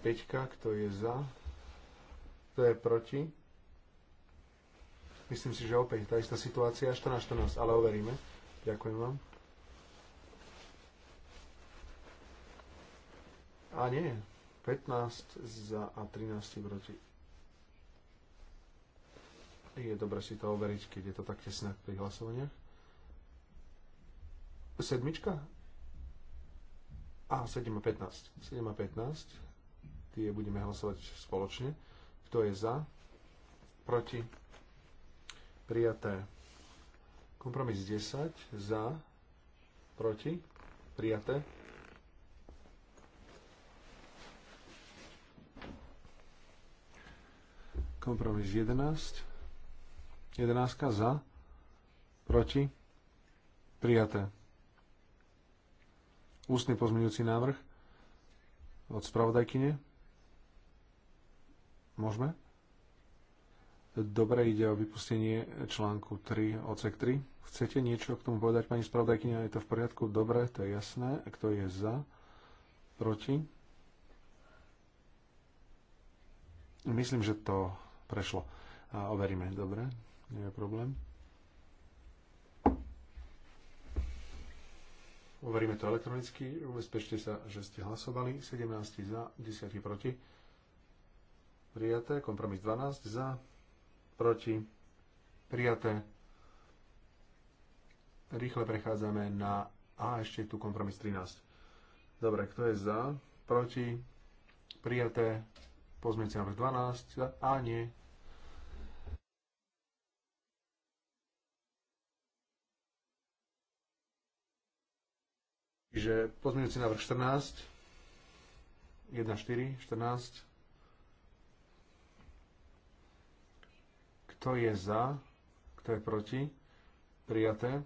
kto je za, kto je proti. Myslím si, že opäť tá istá situácia, 14-14, ale overíme. Ďakujem vám. A nie, 15 za a 13 proti. Je dobre si to overiť, keď je to tak tesné pri hlasovaniach. Sedmička? A 7 a 15. 7 a 15. Tie budeme hlasovať spoločne. Kto je za? Proti? Prijaté. Kompromis 10. Za? Proti? Prijaté. Kompromis 11. 11 za, proti, prijaté. Ústny pozmeňujúci návrh od spravodajkyne. Môžeme? Dobre, ide o vypustenie článku 3, odsek 3. Chcete niečo k tomu povedať, pani spravodajkyňa. Je to v poriadku? Dobre, to je jasné. Kto je za? Proti? Myslím, že to prešlo. A overíme, dobre, nie je problém. Overíme to elektronicky. Ubezpečte sa, že ste hlasovali. 17 za, 10 proti. Prijaté. Kompromis 12 za, proti. Prijaté. Rýchle prechádzame na A, ešte tu kompromis 13. Dobre, kto je za, proti, prijaté, pozmeňujúci návrh 12, a nie, Čiže pozmeňujúci návrh 14, 1, 4, 14. Kto je za? Kto je proti? Prijaté.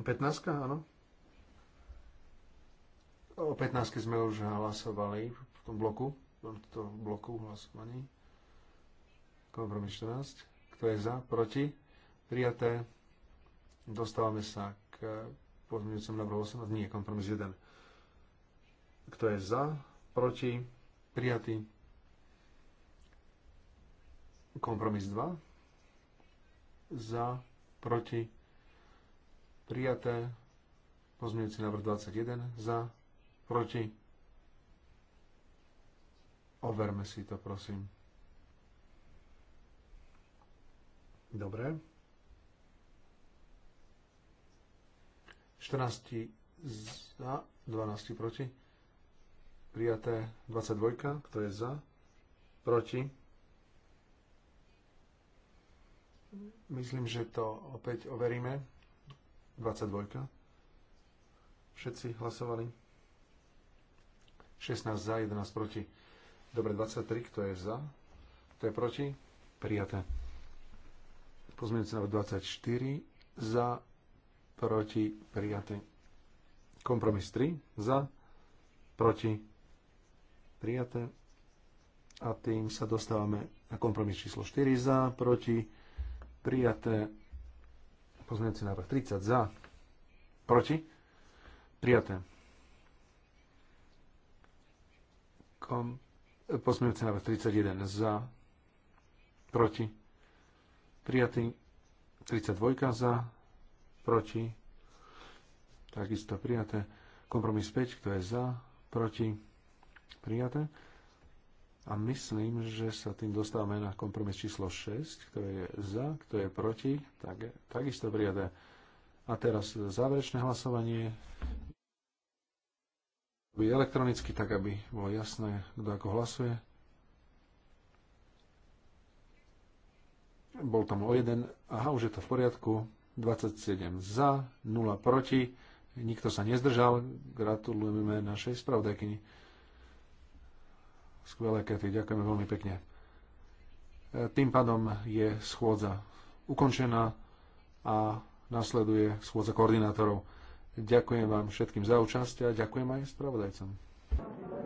15, áno? O 15 sme už hlasovali v tom bloku, v tomto bloku hlasovaní. Kompromis 14. Kto je za? Proti? Prijaté. Dostávame sa k pozmeňujúcom návrhu 18, nie, kompromis 1. Kto je za, proti, prijatý. Kompromis 2. Za, proti, prijaté. Pozmeňujúci návrh 21. Za, proti. Overme si to, prosím. Dobre. 14 za, 12 proti. Prijaté 22, kto je za, proti. Myslím, že to opäť overíme. 22. Všetci hlasovali. 16 za, 11 proti. Dobre, 23, kto je za, kto je proti. Prijaté. Pozmeňujúci návrh 24 za, proti, prijatý. Kompromis 3, za, proti, prijaté. A tým sa dostávame na kompromis číslo 4, za, proti, prijaté. Pozmeňujúci návrh 30, za, proti, prijaté. Kom, pozmeňujúci návrh 31, za, proti, prijatý. 32 za, proti, takisto prijaté. Kompromis 5, kto je za, proti, prijaté. A myslím, že sa tým dostávame na kompromis číslo 6, kto je za, kto je proti, tak, takisto prijaté. A teraz záverečné hlasovanie bude elektronicky, tak aby bolo jasné, kto ako hlasuje. Bol tam o jeden. Aha, už je to v poriadku. 27 za, 0 proti, nikto sa nezdržal. Gratulujeme našej spravodajkyni. Skvelé, Kety, ďakujeme veľmi pekne. E, tým pádom je schôdza ukončená a nasleduje schôdza koordinátorov. Ďakujem vám všetkým za účasť a ďakujem aj spravodajcom.